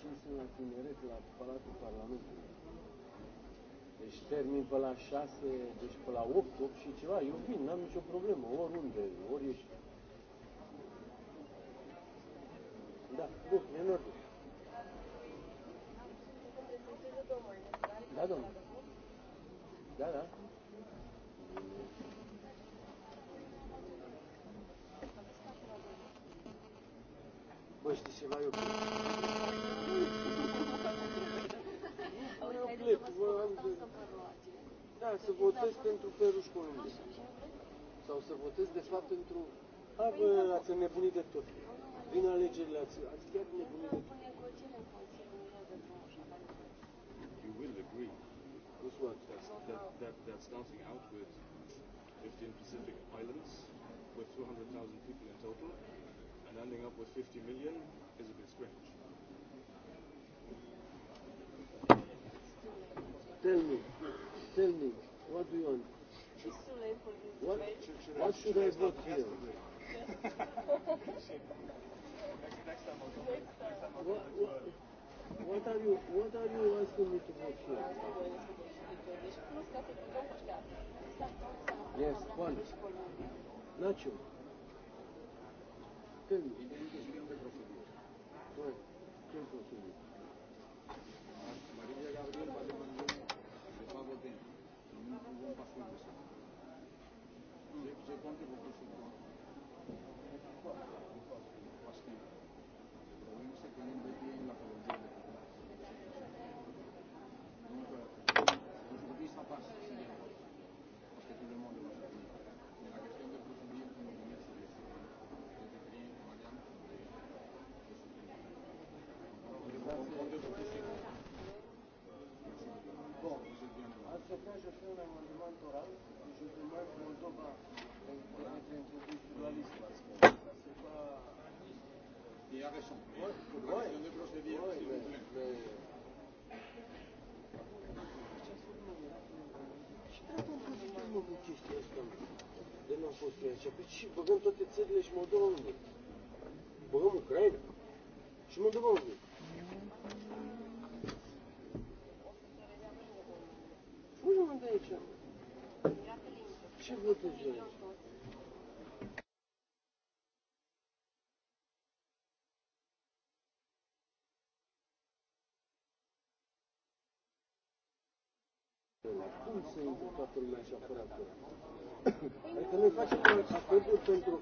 ce înseamnă tineret la Palatul Parlamentului. Deci termin pe la 6, deci pe la 8, 8 și ceva. Eu vin, n-am nicio problemă. Oriunde, ori ești. tell me, tell me, what do you want? What, what should I put here? what, what, what are you what are you asking me to put here? Yes, one. Nacho. Tell me. Why? Can't continue. Je vais vous attendre pour vous чему это он был? Богом Украины? Чему это он был? Чего это делать? Чего это делать? Să-i încurcă pe lumea și-a părat pe lumea. Adică noi facem un acord pentru...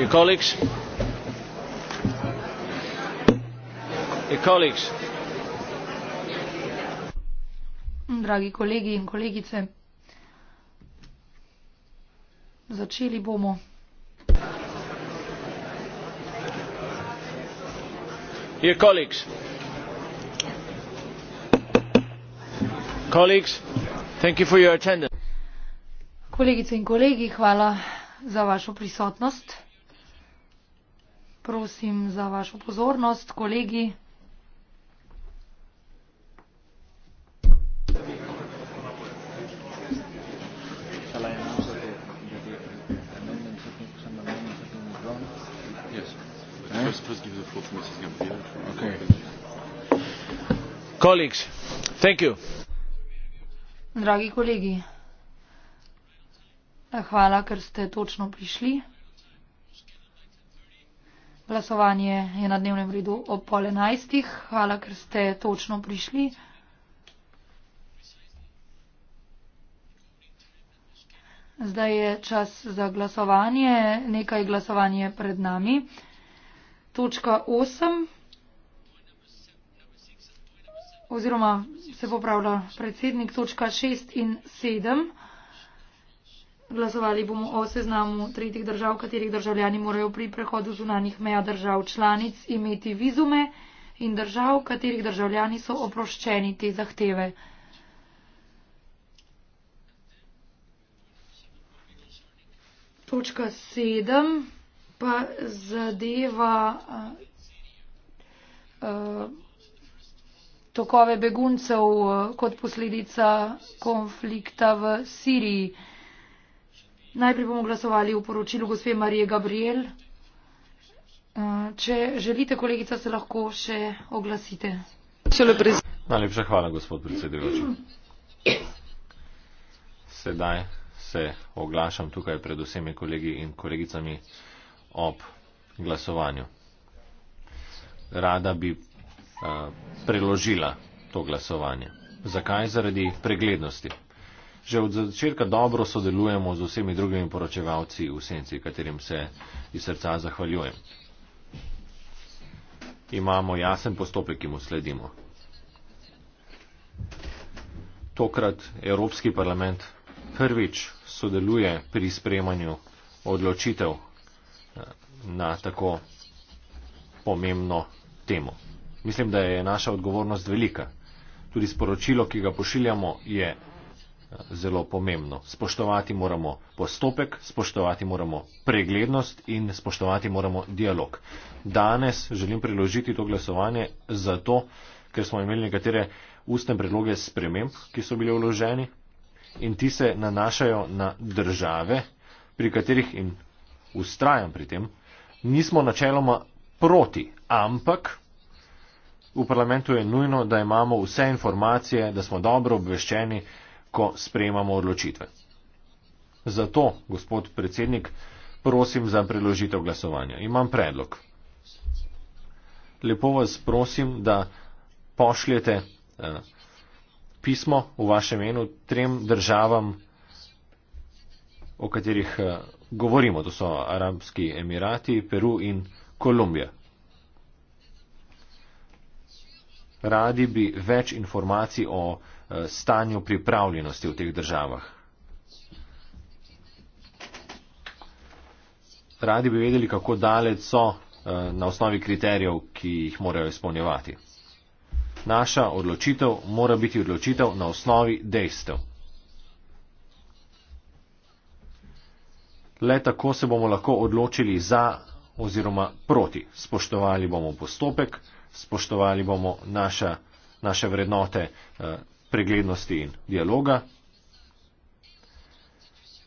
Your colleagues? Your colleagues? Dragi kolegi in kolegice, začeli bomo. Your colleagues? Colleagues, thank you for your attendance. Kolegice in kolegi, hvala za vašo prisotnost prosim za vašo pozornost, kolegi. Colleagues, thank you. Dragi kolegi, hvala, ker ste točno prišli. Glasovanje je na dnevnem redu ob pol enajstih. Hvala, ker ste točno prišli. Zdaj je čas za glasovanje. Nekaj glasovanje je pred nami. Točka 8. Oziroma se popravlja predsednik. Točka 6 in 7. Glasovali bomo o seznamu tretjih držav, katerih državljani morajo pri prehodu zunanih meja držav članic imeti vizume in držav, katerih državljani so oproščeni te zahteve. Točka sedem pa zadeva uh, uh, tokove beguncev uh, kot posledica konflikta v Siriji najprej bomo glasovali v poročilu gospe Marije Gabriel. Eh, če želite, kolegica, se lahko še oglasite. Najlepša hvala, gospod predsedujoči. Sedaj se oglašam tukaj pred vsemi kolegi in kolegicami ob glasovanju. Rada bi a, eh, preložila to glasovanje. Zakaj? Zaradi preglednosti. Že od začetka dobro sodelujemo z vsemi drugimi poročevalci v senci, katerim se iz srca zahvaljujem. Imamo jasen postopek, ki mu sledimo. Tokrat Evropski parlament prvič sodeluje pri spremanju odločitev eh, na tako pomembno temo. Mislim, da je naša odgovornost velika. Tudi sporočilo, ki ga pošiljamo, je zelo pomembno. Spoštovati moramo postopek, spoštovati moramo preglednost in spoštovati moramo dialog. Danes želim priložiti to glasovanje zato, ker smo imeli nekatere ustne predloge sprememb, ki so bile vloženi in ti se nanašajo na države, pri katerih in ustrajam pri tem, nismo načeloma proti, ampak v parlamentu je nujno, da imamo vse informacije, da smo dobro obveščeni, ko sprejemamo odločitve. Zato, gospod predsednik, prosim za preložitev glasovanja. Imam predlog. Lepo vas prosim, da pošljete eh, pismo v vašem imenu trem državam, o katerih eh, govorimo. To so Arabski Emirati, Peru in Kolumbija. Radi bi več informacij o Eh, stanju pripravljenosti v teh državah. Radi bi vedeli, kako daleč so eh, na osnovi kriterijev, ki jih morajo izpolnjevati. Naša odločitev mora biti odločitev na osnovi dejstev. Le tako se bomo lahko odločili za oziroma proti. Spoštovali bomo postopek, spoštovali bomo naša, naše vrednote eh, preglednosti in dialoga.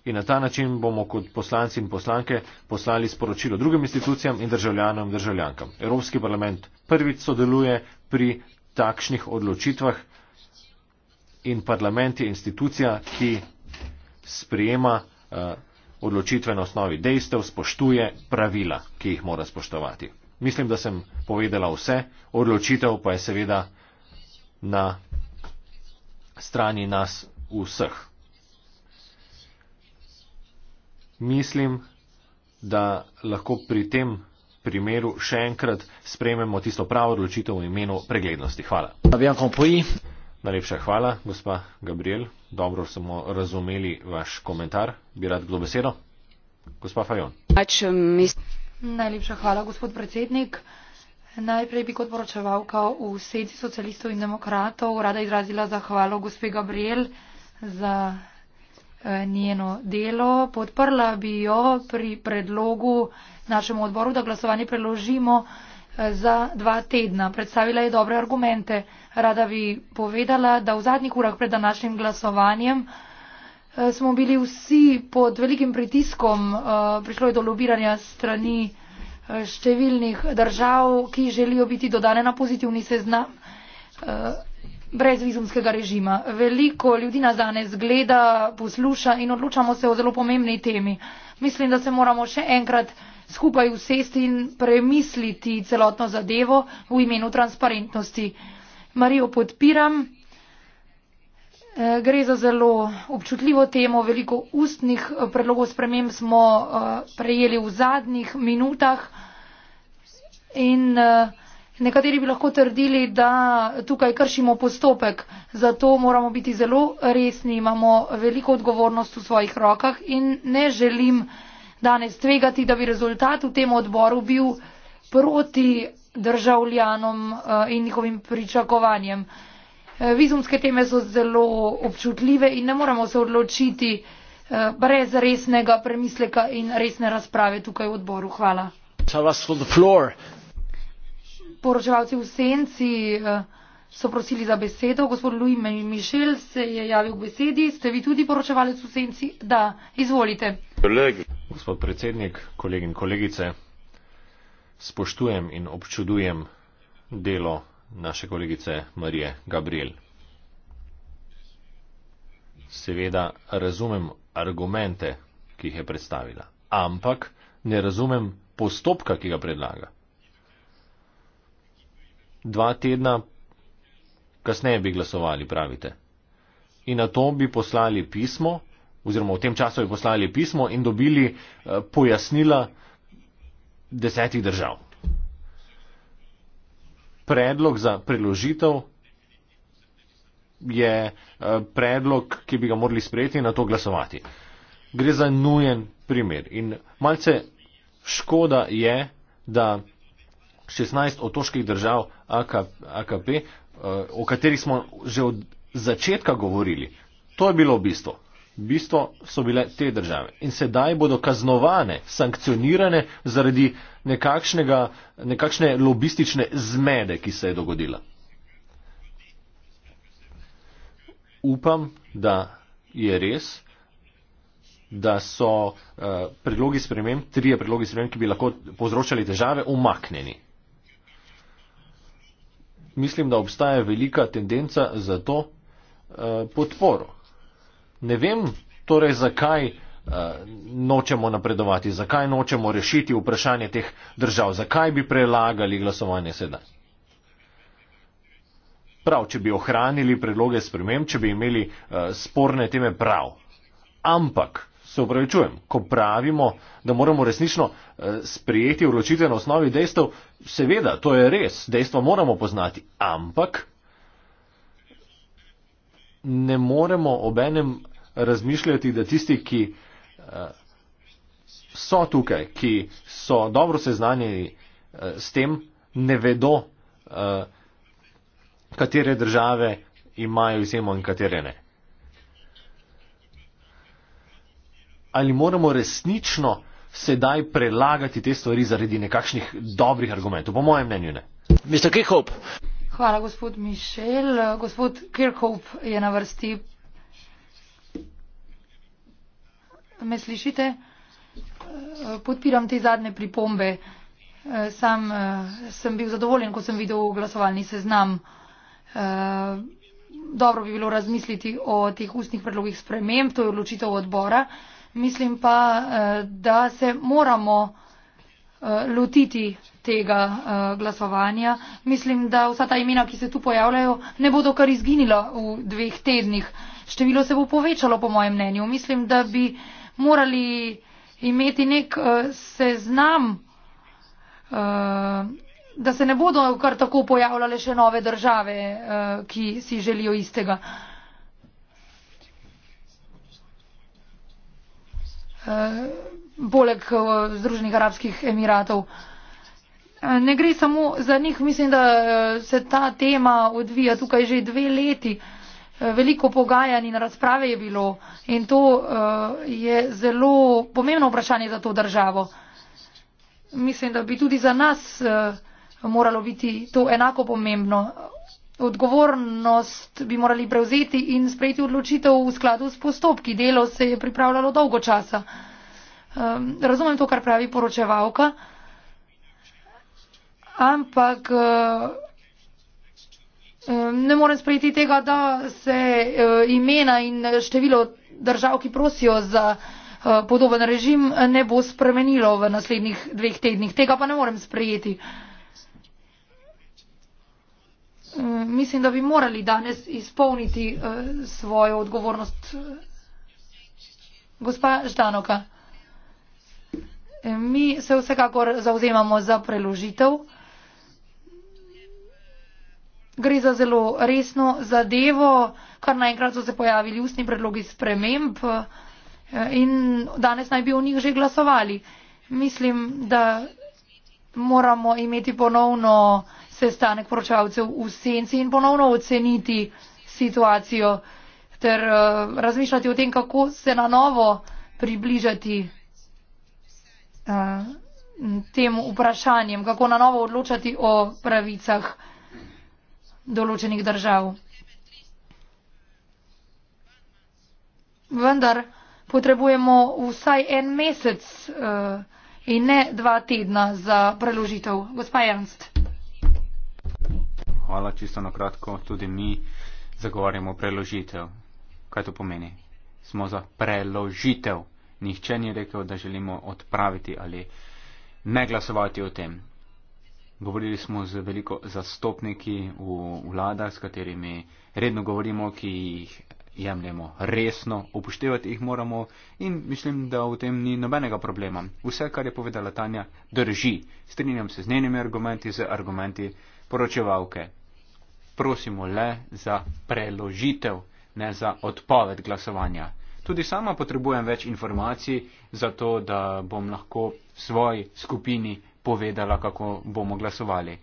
In na ta način bomo kot poslanci in poslanke poslali sporočilo drugim institucijam in državljanom in državljankam. Evropski parlament prvič sodeluje pri takšnih odločitvah in parlament je institucija, ki sprijema uh, eh, odločitve na osnovi dejstev, spoštuje pravila, ki jih mora spoštovati. Mislim, da sem povedala vse, odločitev pa je seveda na strani nas vseh. Mislim, da lahko pri tem primeru še enkrat sprememo tisto pravo odločitev v imenu preglednosti. Hvala. Najlepša hvala, gospa Gabriel. Dobro smo razumeli vaš komentar. Bi rad kdo besedo? Gospa Fajon. Pač, Najlepša hvala, gospod predsednik. Najprej bi kot poročevalka v sedi socialistov in demokratov rada izrazila zahvalo gospe Gabriel za eh, njeno delo. Podprla bi jo pri predlogu našemu odboru, da glasovanje preložimo eh, za dva tedna. Predstavila je dobre argumente. Rada bi povedala, da v zadnjih urah pred današnjim glasovanjem eh, smo bili vsi pod velikim pritiskom, prišlo je do lobiranja strani številnih držav, ki želijo biti dodane na pozitivni seznam eh, brez vizumskega režima. Veliko ljudi nas danes gleda, posluša in odločamo se o zelo pomembni temi. Mislim, da se moramo še enkrat skupaj usesti in premisliti celotno zadevo v imenu transparentnosti. Marijo podpiram. Eh, gre za zelo občutljivo temo. Veliko ustnih eh, predlogov sprememb smo eh, prejeli v zadnjih minutah in nekateri bi lahko trdili, da tukaj kršimo postopek. Zato moramo biti zelo resni, imamo veliko odgovornost v svojih rokah in ne želim danes tvegati, da bi rezultat v tem odboru bil proti državljanom in njihovim pričakovanjem. Eh, vizumske teme so zelo občutljive in ne moramo se odločiti eh, brez resnega premisleka in resne razprave tukaj v odboru. Hvala. Poročevalci v senci eh, so prosili za besedo. Gospod Louis Michel se je javil k besedi. Ste vi tudi poročevalec v senci? Da, izvolite. Kolegi. Gospod predsednik, kolegi in kolegice, spoštujem in občudujem delo naše kolegice Marije Gabriel. Seveda razumem argumente, ki jih je predstavila, ampak ne razumem postopka, ki ga predlaga. Dva tedna kasneje bi glasovali, pravite. In na to bi poslali pismo, oziroma v tem času bi poslali pismo in dobili eh, pojasnila desetih držav predlog za preložitev je eh, predlog, ki bi ga morali sprejeti in na to glasovati. Gre za nujen primer in malce škoda je, da 16 otoških držav AKP, eh, o katerih smo že od začetka govorili, to je bilo v bistvu bistvo so bile te države. In sedaj bodo kaznovane, sankcionirane zaradi nekakšne lobistične zmede, ki se je dogodila. Upam, da je res, da so uh, predlogi sprememb, trije predlogi sprememb, ki bi lahko povzročali težave, umaknjeni. Mislim, da obstaja velika tendenca za to uh, podporo ne vem torej, zakaj uh, nočemo napredovati, zakaj nočemo rešiti vprašanje teh držav, zakaj bi prelagali glasovanje sedaj. Prav, če bi ohranili predloge sprememb, če bi imeli uh, sporne teme prav. Ampak, se upravičujem, ko pravimo, da moramo resnično uh, eh, sprijeti odločitve na osnovi dejstev, seveda, to je res, dejstva moramo poznati, ampak ne moremo obenem razmišljati, da tisti, ki eh, so tukaj, ki so dobro seznanjeni eh, s tem, ne vedo, eh, katere države imajo izjemo in katere ne. Ali moramo resnično sedaj prelagati te stvari zaradi nekakšnih dobrih argumentov? Po mojem mnenju ne. Mr. Kirchhoff. Hvala, gospod Mišel. Gospod Kirchhoff je na vrsti me slišite? Eh, podpiram te zadnje pripombe. Eh, sam eh, sem bil zadovoljen, ko sem videl glasovalni seznam. Dobro bi bilo razmisliti o teh ustnih predlogih sprememb, to je odločitev odbora. Mislim pa, da se moramo lotiti tega glasovanja. Mislim, da vsa ta imena, ki se tu pojavljajo, ne bodo kar izginila v dveh tednih. Število se bo povečalo, po mojem mnenju. Mislim, da bi morali imeti nek eh, seznam, eh, da se ne bodo kar tako pojavljale še nove države, eh, ki si želijo istega. Poleg Združenih arabskih emiratov. Ne gre samo za njih, mislim, da se ta tema odvija tukaj že dve leti. Veliko pogajanj in razprave je bilo in to eh, je zelo pomembno vprašanje za to državo. Mislim, da bi tudi za nas eh, moralo biti to enako pomembno. Odgovornost bi morali prevzeti in sprejeti odločitev v skladu s postopki. Delo se je pripravljalo dolgo časa. Ehm, razumem to, kar pravi poročevalka, ampak eh, Ne morem sprejeti tega, da se e, imena in število držav, ki prosijo za e, podoben režim, ne bo spremenilo v naslednjih dveh tednih. Tega pa ne morem sprejeti. Mislim, da bi morali danes izpolniti e, svojo odgovornost. Gospa Ždanoka, mi se vsekakor zauzemamo za preložitev gre za zelo resno zadevo, kar naenkrat so se pojavili ustni predlogi sprememb eh, in danes naj bi o njih že glasovali. Mislim, da moramo imeti ponovno sestanek poročavcev v senci in ponovno oceniti situacijo ter eh, razmišljati o tem, kako se na novo približati eh, tem vprašanjem, kako na novo odločati o pravicah določenih držav. Vendar potrebujemo vsaj en mesec uh, in ne dva tedna za preložitev. Gospa Ernst. Hvala, čisto na kratko. Tudi mi zagovarjamo preložitev. Kaj to pomeni? Smo za preložitev. Nihče ni rekel, da želimo odpraviti ali ne glasovati o tem. Govorili smo z veliko zastopniki v vladah, s katerimi redno govorimo, ki jih jemljemo resno, upoštevati jih moramo in mislim, da v tem ni nobenega problema. Vse, kar je povedala Tanja, drži. Strinjam se z njenimi argumenti, z argumenti poročevalke. Prosimo le za preložitev, ne za odpoved glasovanja. Tudi sama potrebujem več informacij, zato da bom lahko svoji skupini povedala, kako bomo glasovali.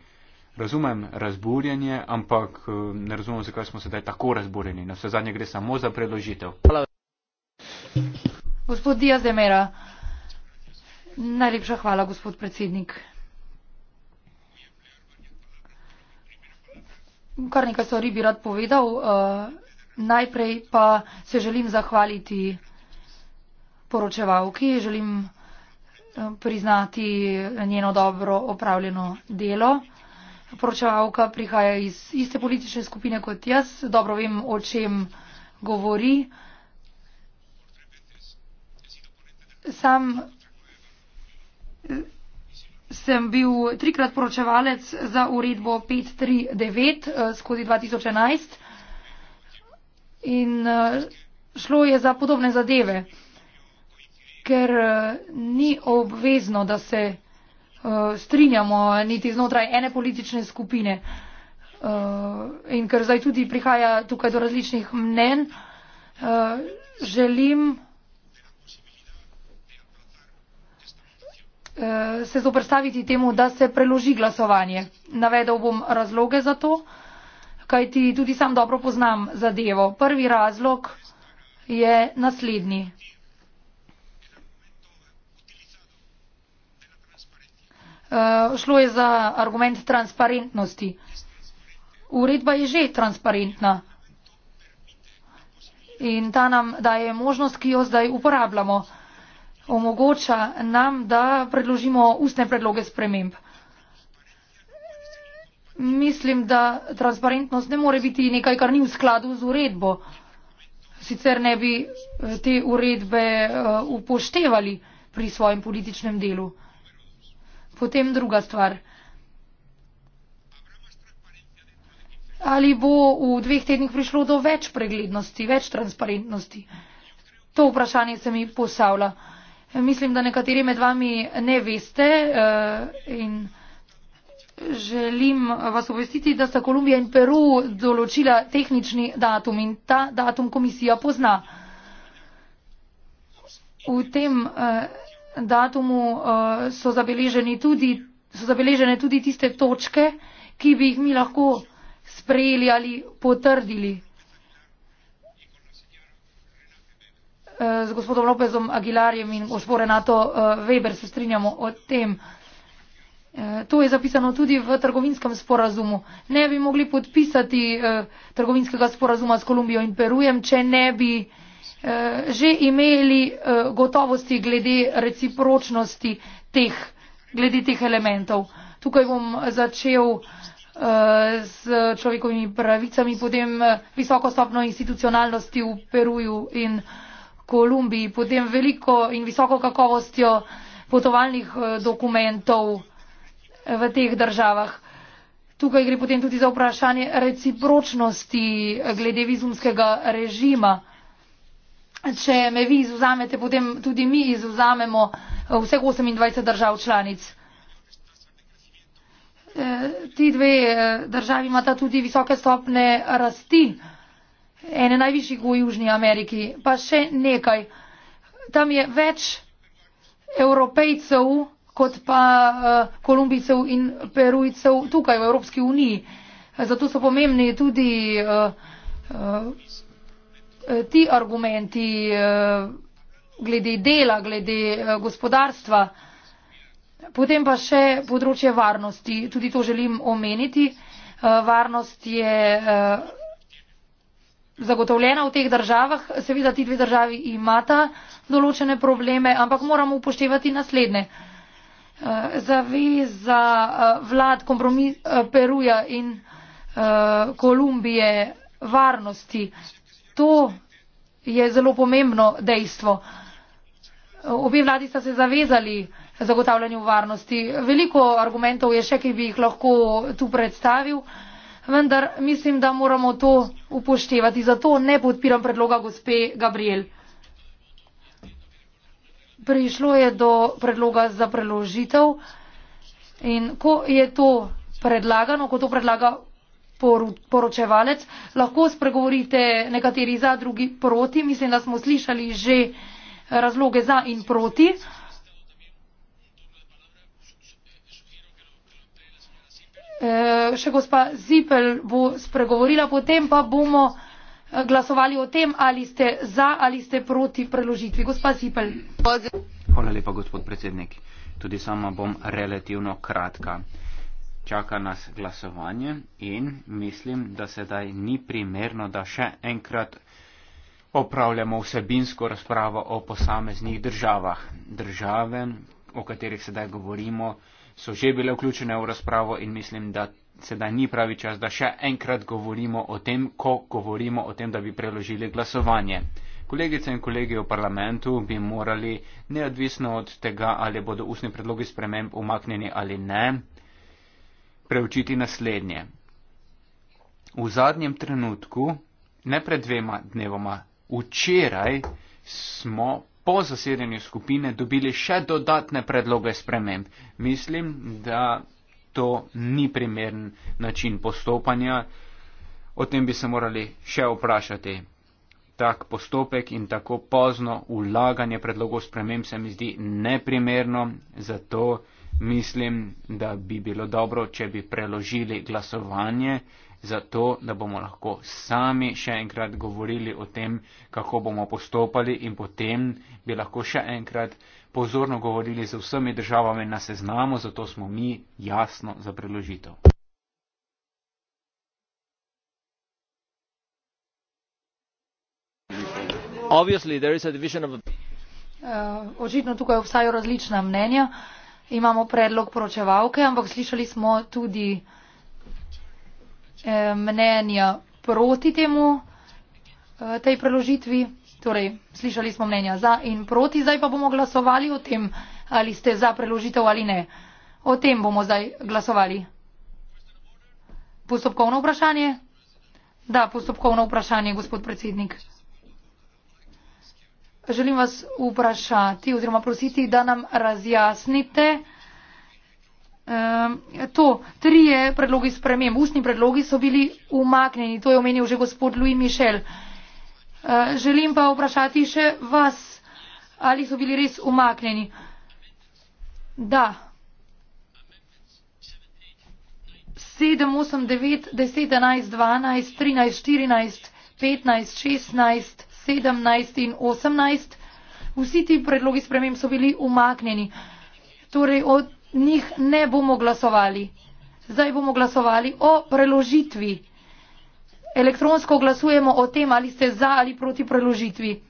Razumem razburjenje, ampak eh, ne razumem, zakaj smo sedaj tako razburjeni. Na vse zadnje gre samo za predložitev. Hvala. Gospod Diaz de Mera, najlepša hvala, gospod predsednik. Kar nekaj stvari bi rad povedal. Eh, najprej pa se želim zahvaliti poročevalki, želim priznati njeno dobro opravljeno delo. Poročevalka prihaja iz iste politične skupine kot jaz, dobro vem, o čem govori. Sam eh, sem bil trikrat poročevalec za uredbo 539 eh, skozi 2011 in eh, šlo je za podobne zadeve ker eh, ni obvezno, da se eh, strinjamo niti znotraj ene politične skupine. Eh, in ker zdaj tudi prihaja tukaj do različnih mnen, želim se zoprstaviti temu, da se preloži glasovanje. Navedel bom razloge za to, kaj ti tudi sam dobro poznam zadevo. Prvi razlog je naslednji. Eh, šlo je za argument transparentnosti. Uredba je že transparentna in ta nam daje možnost, ki jo zdaj uporabljamo. Omogoča nam, da predložimo ustne predloge sprememb. Mislim, da transparentnost ne more biti nekaj, kar ni v skladu z uredbo. Sicer ne bi eh, te uredbe eh, upoštevali pri svojem političnem delu. Potem druga stvar. Ali bo v dveh tednih prišlo do več preglednosti, več transparentnosti? To vprašanje se mi postavlja. Mislim, da nekateri med vami ne veste eh, in želim vas obvestiti, da sta Kolumbija in Peru določila tehnični datum in ta datum komisija pozna. V tem eh, datumu uh, so zabeleženi tudi, so zabeležene tudi tiste točke, ki bi jih mi lahko sprejeli ali potrdili. Uh, z gospodom Lopezom Aguilarjem in gospod Renato uh, Weber se strinjamo o tem. To je zapisano tudi v trgovinskem sporazumu. Ne bi mogli podpisati trgovinskega sporazuma s Kolumbijo in Perujem, če ne bi Eh, že imeli eh, gotovosti glede recipročnosti teh, glede teh elementov. Tukaj bom začel z eh, človekovimi pravicami, potem visoko stopno institucionalnosti v Peruju in Kolumbiji, potem veliko in visoko kakovostjo potovalnih dokumentov v teh državah. Tukaj gre potem tudi za vprašanje recipročnosti glede vizumskega režima če me vi izuzamete, potem tudi mi izuzamemo eh, vseh 28 držav članic. Eh, ti dve eh, državi imata tudi visoke stopne rasti, ene najvišjih v Južni Ameriki. Pa še nekaj. Tam je več evropejcev kot pa kolumbijcev in perujcev tukaj v Evropski uniji. Zato so pomembni tudi Eh, ti argumenti eh, glede dela, glede eh, gospodarstva. Potem pa še področje varnosti. Tudi to želim omeniti. Varnost je zagotovljena v teh državah. Seveda ti dve državi imata določene probleme, ampak moramo upoštevati naslednje. Zaveza vlad Peruja in Kolumbije varnosti to je zelo pomembno dejstvo. Obe vladi sta se zavezali zagotavljanju varnosti. Veliko argumentov je še, ki bi jih lahko tu predstavil, vendar mislim, da moramo to upoštevati. Zato ne podpiram predloga gospe Gabriel. Prišlo je do predloga za preložitev in ko je to predlagano, ko to predlaga poročevalec. Lahko spregovorite nekateri za, drugi proti. Mislim, da smo slišali že razloge za in proti. Eh, še gospa Zipel bo spregovorila, potem pa bomo eh, glasovali o tem, ali ste za ali ste proti preložitvi. Gospa Zipel. Hvala lepa, gospod predsednik. Tudi sama bom relativno kratka čaka nas glasovanje in mislim, da sedaj ni primerno, da še enkrat opravljamo vsebinsko razpravo o posameznih državah. Države, o katerih sedaj govorimo, so že bile vključene v razpravo in mislim, da sedaj ni pravi čas, da še enkrat govorimo o tem, ko govorimo o tem, da bi preložili glasovanje. Kolegice in kolegi v parlamentu bi morali, neodvisno od tega, ali bodo ustni predlogi sprememb umaknjeni ali ne, preučiti naslednje. V zadnjem trenutku, ne pred dvema dnevoma, včeraj smo po zasedanju skupine dobili še dodatne predloge sprememb. Mislim, da to ni primern način postopanja. O tem bi se morali še vprašati tak postopek in tako pozno ulaganje predlogov sprememb se mi zdi neprimerno, zato mislim, da bi bilo dobro, če bi preložili glasovanje, zato da bomo lahko sami še enkrat govorili o tem, kako bomo postopali in potem bi lahko še enkrat pozorno govorili z vsemi državami na seznamu, zato smo mi jasno za preložitev. Eh, očitno tukaj obstajajo različna mnenja. Imamo predlog poročevalke, ampak slišali smo tudi eh, mnenja proti temu, eh, tej preložitvi. Torej, slišali smo mnenja za in proti, zdaj pa bomo glasovali o tem, ali ste za preložitev ali ne. O tem bomo zdaj glasovali. Postopkovno vprašanje? Da, postopkovno vprašanje, gospod predsednik želim vas vprašati oziroma prositi, da nam razjasnite to. Trije predlogi sprememb, ustni predlogi so bili umaknjeni, to je omenil že gospod Louis Michel. Eh, želim pa vprašati še vas, ali so bili res umaknjeni. Da. 7, 8, 9, 10, 11, 12, 13, 14, 15, 16. 17 in 18. Vsi ti predlogi sprememb so bili umaknjeni. Torej od njih ne bomo glasovali. Zdaj bomo glasovali o preložitvi. Elektronsko glasujemo o tem, ali ste za ali proti preložitvi.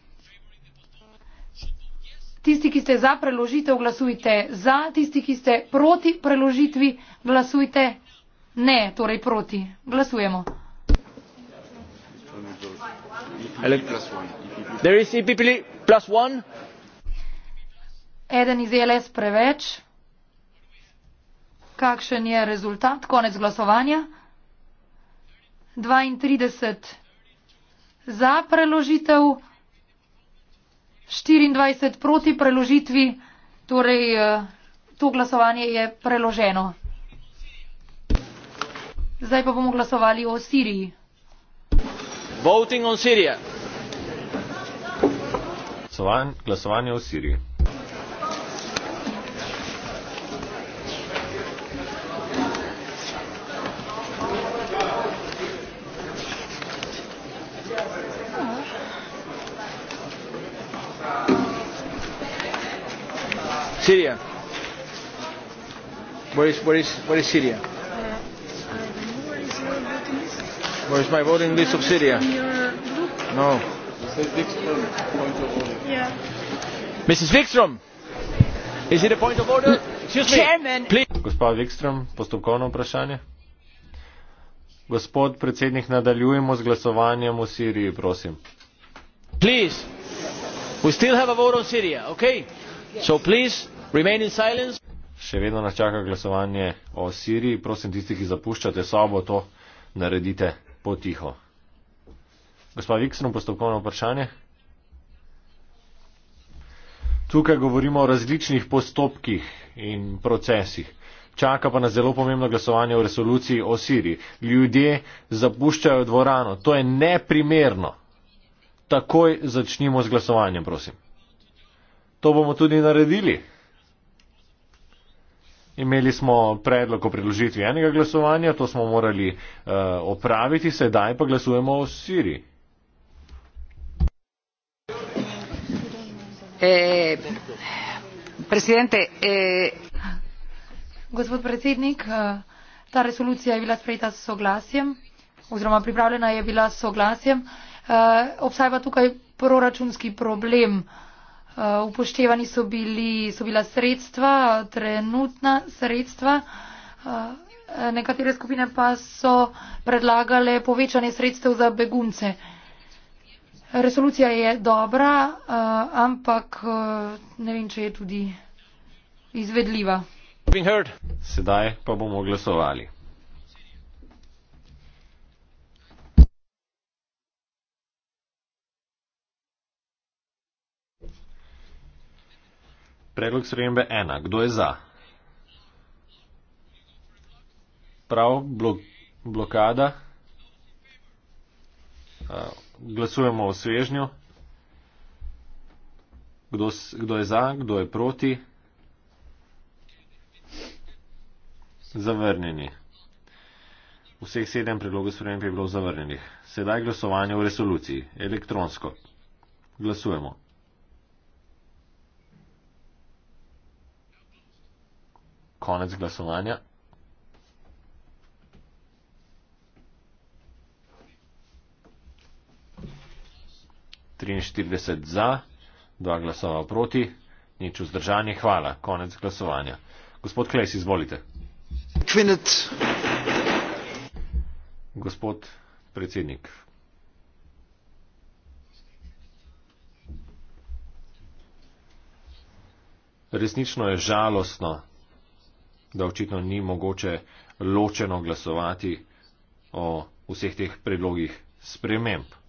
Tisti, ki ste za preložitev, glasujte za. Tisti, ki ste proti preložitvi, glasujte ne, torej proti. Glasujemo. E eden iz e ls preveč kakšen je rezultat konec glasovanja dvaintrideset za preložitev štiriindvajset proti preložitvi torej eh, to glasovanje je preloženo zdaj pa bomo glasovali o siriji glasovanje, glasovanje v Siriji. Siria. Where is where is where is Syria? Uh, where uh, is your voting list? Where is my voting list of Syria? No gospa wikstrm postopkovno vprašanje gospod predsednik nadaljujemo z glasovanjem o siriji prosim prosim vsi ste imeli možnost glasovati o siriji ok so prosim še vedno nas čaka glasovanje o siriji prosim tisti ki zapuščate sobo to naredite potiho Gospa Vikstrom, postopkovno vprašanje. Tukaj govorimo o različnih postopkih in procesih. Čaka pa na zelo pomembno glasovanje o resoluciji o Siriji. Ljudje zapuščajo dvorano. To je neprimerno. Takoj začnimo z glasovanjem, prosim. To bomo tudi naredili. Imeli smo predlog o predložitvi enega glasovanja, to smo morali uh, opraviti, sedaj pa glasujemo o Siriji. Eh, eh, gospod predsednik eh, ta resolucija je bila sprejeta s soglasjem oziroma pripravljena je bila s soglasjem obstaja pa tukaj proračunski problem upoštevani so bili so bila sredstva trenutna sredstva nekatere skupine pa so predlagale povečanje sredstev za begunce Resolucija je dobra, eh, ampak eh, ne vem, če je tudi izvedljiva. Sedaj pa bomo glasovali. Predlog sprejembe ena. Kdo je za? Prav blokada. Uh, glasujemo o svežnju. Kdo, kdo je za, kdo je proti? Zavrnjeni. Vseh sedem predlogov sprememb je bilo zavrnjenih. Sedaj glasovanje v resoluciji. Elektronsko. Glasujemo. Konec glasovanja. 43 za, 2 glasova proti, nič vzdržanje, hvala. Konec glasovanja. Gospod Klejs, izvolite. Kvinet. Gospod predsednik. Resnično je žalostno, da očitno ni mogoče ločeno glasovati o vseh teh predlogih sprememb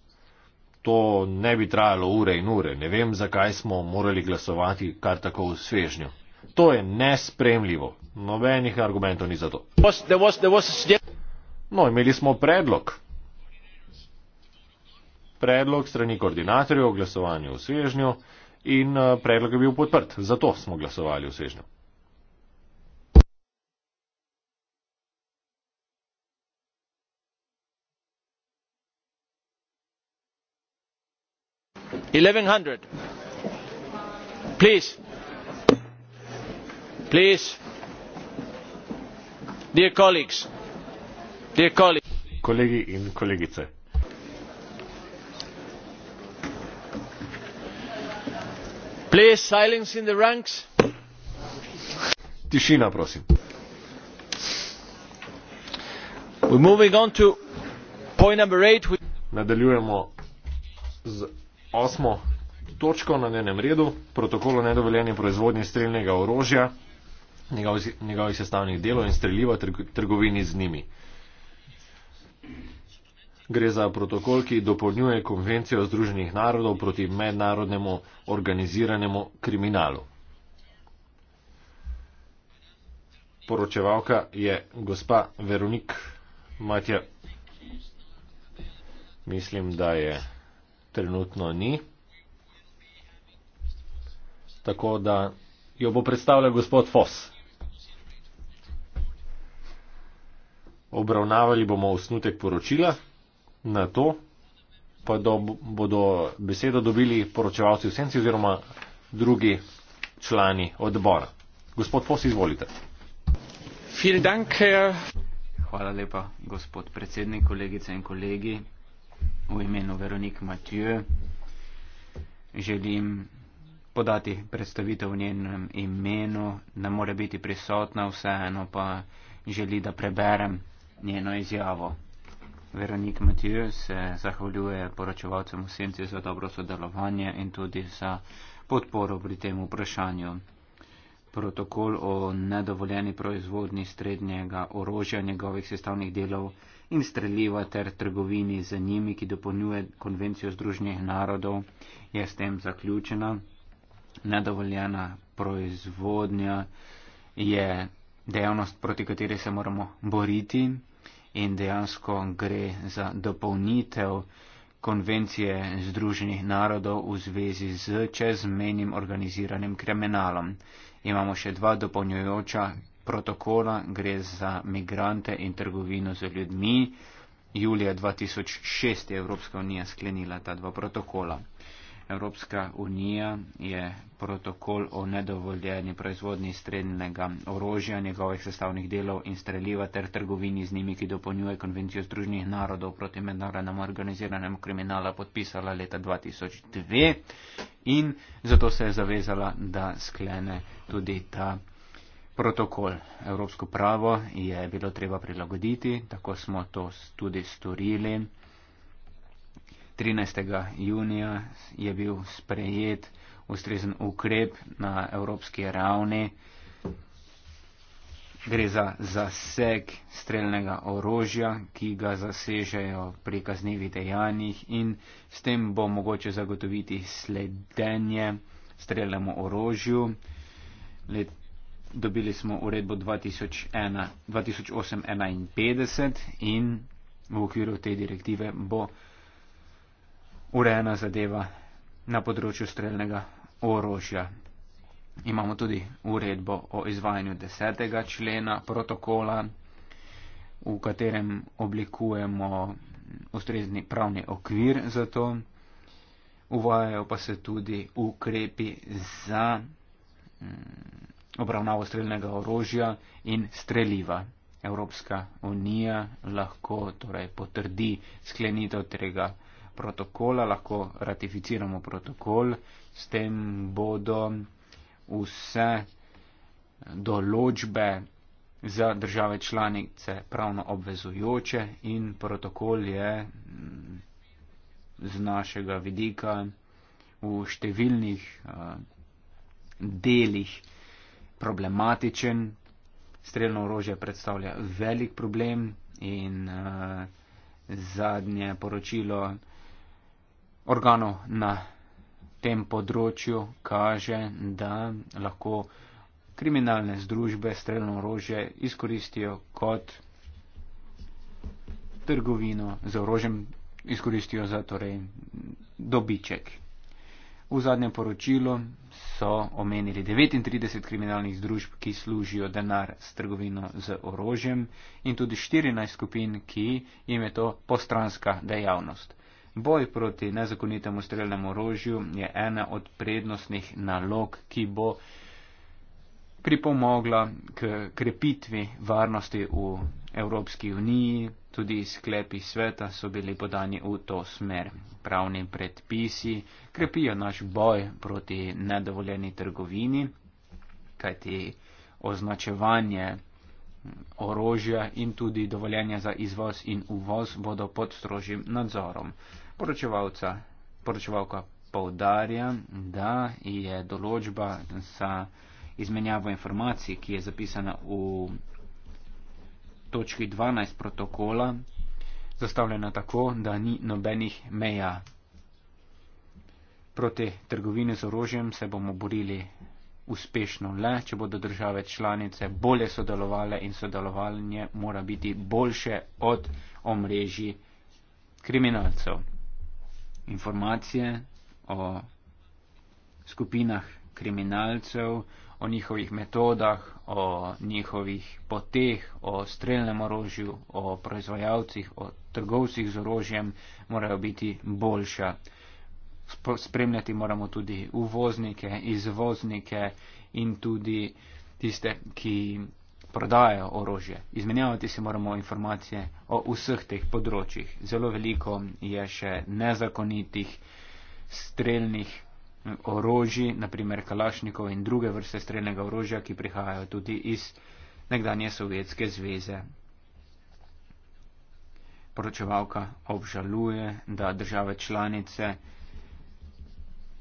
to ne bi trajalo ure in ure. Ne vem, zakaj smo morali glasovati kar tako v svežnju. To je nespremljivo. Nobenih argumentov ni za to. No, imeli smo predlog. Predlog strani koordinatorjev o glasovanju v svežnju in eh, predlog je bil podprt. Zato smo glasovali v svežnju. 1100 please please dear colleagues dear colleagues kolegi in kolegice please silence in the ranks tišina prosim we moving on to point number 8 nadaljujemo z osmo točko na dnevnem redu, protokol o nedovoljeni proizvodnji streljnega orožja, njegovih, njegovih sestavnih delov in streljiva ter trgovini z njimi. Gre za protokol, ki dopolnjuje konvencijo Združenih narodov proti mednarodnemu organiziranemu kriminalu. Poročevalka je gospa Veronik Matja. Mislim, da je trenutno ni. Tako da jo bo predstavljal gospod Fos. Obravnavali bomo osnutek poročila, na to pa do, bodo besedo dobili poročevalci v senci oziroma drugi člani odbora. Gospod Fos, izvolite. Hvala lepa, gospod predsednik, kolegice in kolegi v imenu Veronik Matjö. Želim podati predstavitev v njenem imenu, ne more biti prisotna vseeno, pa želi, da preberem njeno izjavo. Veronik Matjö se zahvaljuje poročevalcem v Senci za dobro sodelovanje in tudi za podporo pri tem vprašanju. Protokol o nedovoljeni proizvodni strednjega orožja in njegovih sestavnih delov in streljiva ter trgovini z njimi, ki dopolnjuje konvencijo Združenih narodov, je s tem zaključena. Nedovoljena proizvodnja je dejavnost, proti kateri se moramo boriti in dejansko gre za dopolnitev konvencije Združenih narodov v zvezi z čezmenim organiziranim kriminalom. Imamo še dva dopolnjujoča protokola gre za migrante in trgovino z ljudmi. Julija 2006 je Evropska unija sklenila ta dva protokola. Evropska unija je protokol o nedovoljeni proizvodni strednjega orožja, njegovih sestavnih delov in streljiva ter trgovini z njimi, ki dopolnjuje konvencijo Združenih narodov proti mednarodnemu organiziranemu kriminala, podpisala leta 2002 in zato se je zavezala, da sklene tudi ta protokol protokol, evropsko pravo je bilo treba prilagoditi, tako smo to tudi storili. 13. junija je bil sprejet ustrezen ukrep na evropski ravni. Gre za zaseg streljnega orožja, ki ga zasežejo pri kaznjivih dejanjih in s tem bo mogoče zagotoviti sledenje streljnemu orožju. Let dobili smo uredbo 2008-51 in v okviru te direktive bo urejena zadeva na področju streljnega orožja. Imamo tudi uredbo o izvajanju desetega člena protokola, v katerem oblikujemo ustrezni pravni okvir za to. Uvajajo pa se tudi ukrepi za mm, obravnavo streljnega orožja in streljiva. Evropska unija lahko torej, potrdi sklenitev tega protokola, lahko ratificiramo protokol, s tem bodo vse določbe za države članice pravno obvezujoče in protokol je mm, z našega vidika v številnih uh, delih uh, problematičen. Streljno orožje predstavlja velik problem in uh, zadnje poročilo organov na tem področju kaže, da lahko kriminalne združbe streljno orožje izkoristijo kot trgovino z orožjem, izkoristijo za torej dobiček. V zadnjem poročilu so omenili 39 kriminalnih združb, ki služijo denar s trgovino z orožjem in tudi 14 skupin, ki jim je to postranska dejavnost. Boj proti nezakonitemu streljnemu orožju je ena od prednostnih nalog, ki bo pripomogla k krepitvi varnosti v Evropski uniji, Tudi sklepi sveta so bili podani v to smer. Pravni predpisi krepijo naš boj proti nedovoljeni trgovini, kajti označevanje orožja in tudi dovoljenja za izvoz in uvoz bodo pod strožjim nadzorom. Poročevalca, poročevalka povdarja, da je določba za izmenjavo informacij, ki je zapisana v točki 12 protokola zastavljena tako, da ni nobenih meja. Proti trgovini z orožjem se bomo borili uspešno le, če bodo države članice bolje sodelovale in sodelovanje mora biti boljše od omrežji kriminalcev. Informacije o skupinah kriminalcev, o njihovih metodah, o njihovih poteh, o streljnem orožju, o proizvajalcih, o trgovcih z orožjem, morajo biti boljša. Spremljati moramo tudi uvoznike, izvoznike in tudi tiste, ki prodajajo orožje. Izmenjavati si moramo informacije o vseh teh področjih. Zelo veliko je še nezakonitih streljnih orožji, naprimer kalašnikov in druge vrste strelnega orožja, ki prihajajo tudi iz nekdanje Sovjetske zveze. Poročevalka obžaluje, da države članice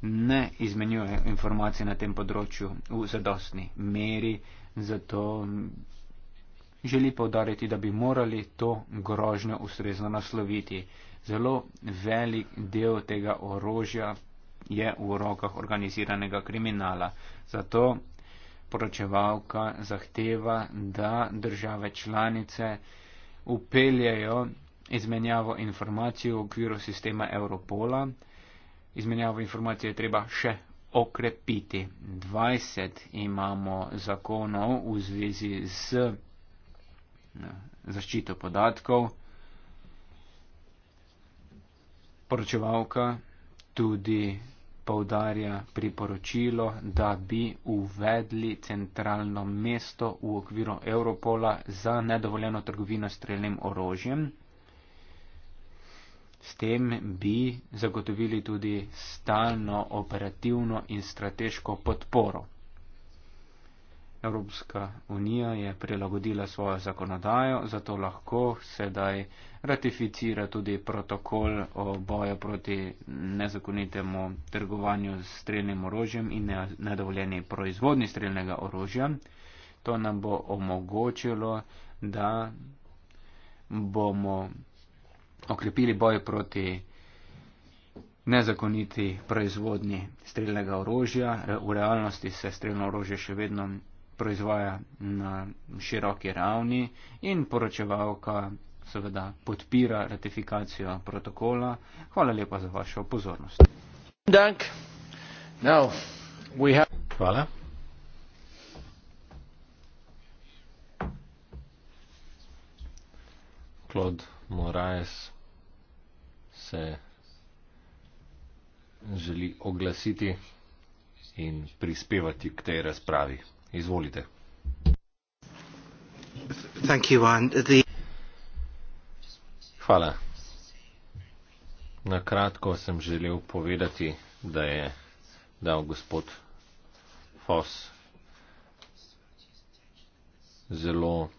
ne izmenjujejo informacij na tem področju v zadostni meri, zato želi povdariti, da bi morali to grožnjo ustrezno nasloviti. Zelo velik del tega orožja je v rokah organiziranega kriminala. Zato poročevalka zahteva, da države članice upeljajo izmenjavo informacij v okviru sistema Europola. Izmenjavo informacij je treba še okrepiti. 20 imamo zakonov v zvezi z zaščito podatkov. Poročevalka tudi povdarja priporočilo, da bi uvedli centralno mesto v okviru Europola za nedovoljeno trgovino streljnim orožjem. S tem bi zagotovili tudi stalno operativno in strateško podporo. Evropska unija je prilagodila svojo zakonodajo, zato lahko sedaj ratificira tudi protokol o boju proti nezakonitemu trgovanju s streljnim orožjem in nedovoljeni proizvodni streljnega orožja. To nam bo omogočilo, da bomo okrepili boj proti nezakoniti proizvodnji streljnega orožja. V realnosti se streljno orožje še vedno proizvaja na široki ravni in poročevalka seveda podpira ratifikacijo protokola. Hvala lepa za vašo pozornost. Hvala. Klod Moraes se želi oglasiti in prispevati k tej razpravi. Izvolite. Hvala. Na kratko sem želel povedati, da je dal gospod Foss zelo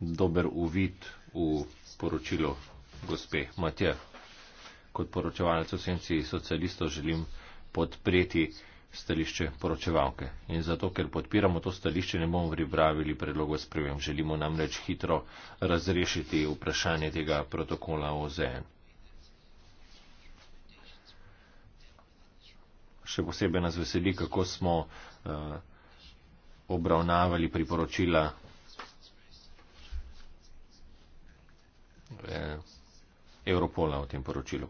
dober uvid v poročilo gospe Matja. Kot poročevalec v senci socialistov želim podpreti stališče poročevalke. In zato, ker podpiramo to stališče, ne bomo pripravili predlogo sprejem. Želimo namreč hitro razrešiti vprašanje tega protokola o ZN. Še posebej nas veseli, kako smo uh, obravnavali priporočila uh, Europola v tem poročilu.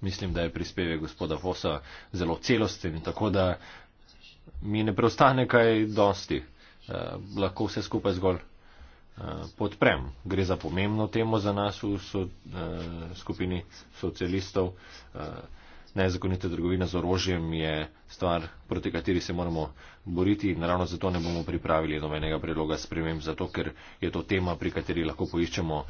Mislim, da je prispevek gospoda Vosa zelo celosten, tako da mi ne preostane kaj dosti. Eh, lahko vse skupaj zgolj eh, podprem. Gre za pomembno temo za nas v so, eh, skupini socialistov. Eh, nezakonita trgovina z orožjem je stvar, proti kateri se moramo boriti in ravno zato ne bomo pripravili nobenega predloga spremem, zato ker je to tema, pri kateri lahko poiščemo uh,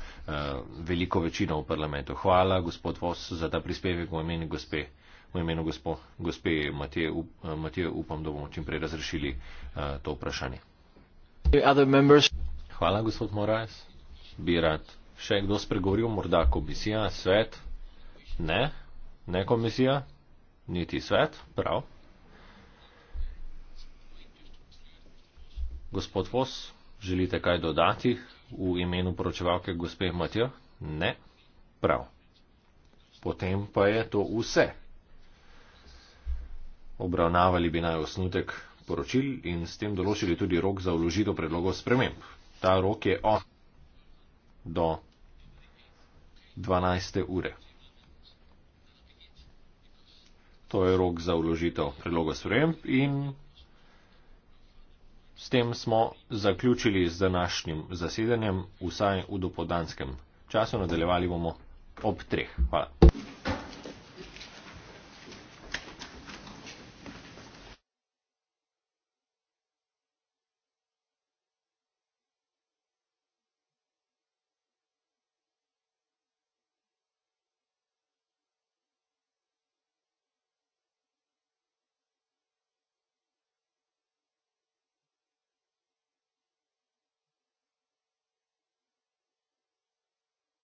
veliko večino v parlamentu. Hvala, gospod Vos, za ta prispevek v imenu gospe, v imenu gospo, gospe Matije, up, eh, Matije, upam, da bomo čim prej razrešili uh, to vprašanje. Hvala, gospod Moraes. Bi rad še kdo spregovoril, morda komisija, svet? Ne? ne komisija, niti svet, prav. Gospod Vos, želite kaj dodati v imenu poročevalke gospe Matija? Ne, prav. Potem pa je to vse. Obravnavali bi naj osnutek poročil in s tem določili tudi rok za vložitev predlogov sprememb. Ta rok je od do 12. ure. To je rok za uložitev predloga sprememb in s tem smo zaključili z današnjim zasedanjem, vsaj v dopodanskem času. Nadaljevali bomo ob treh. Hvala.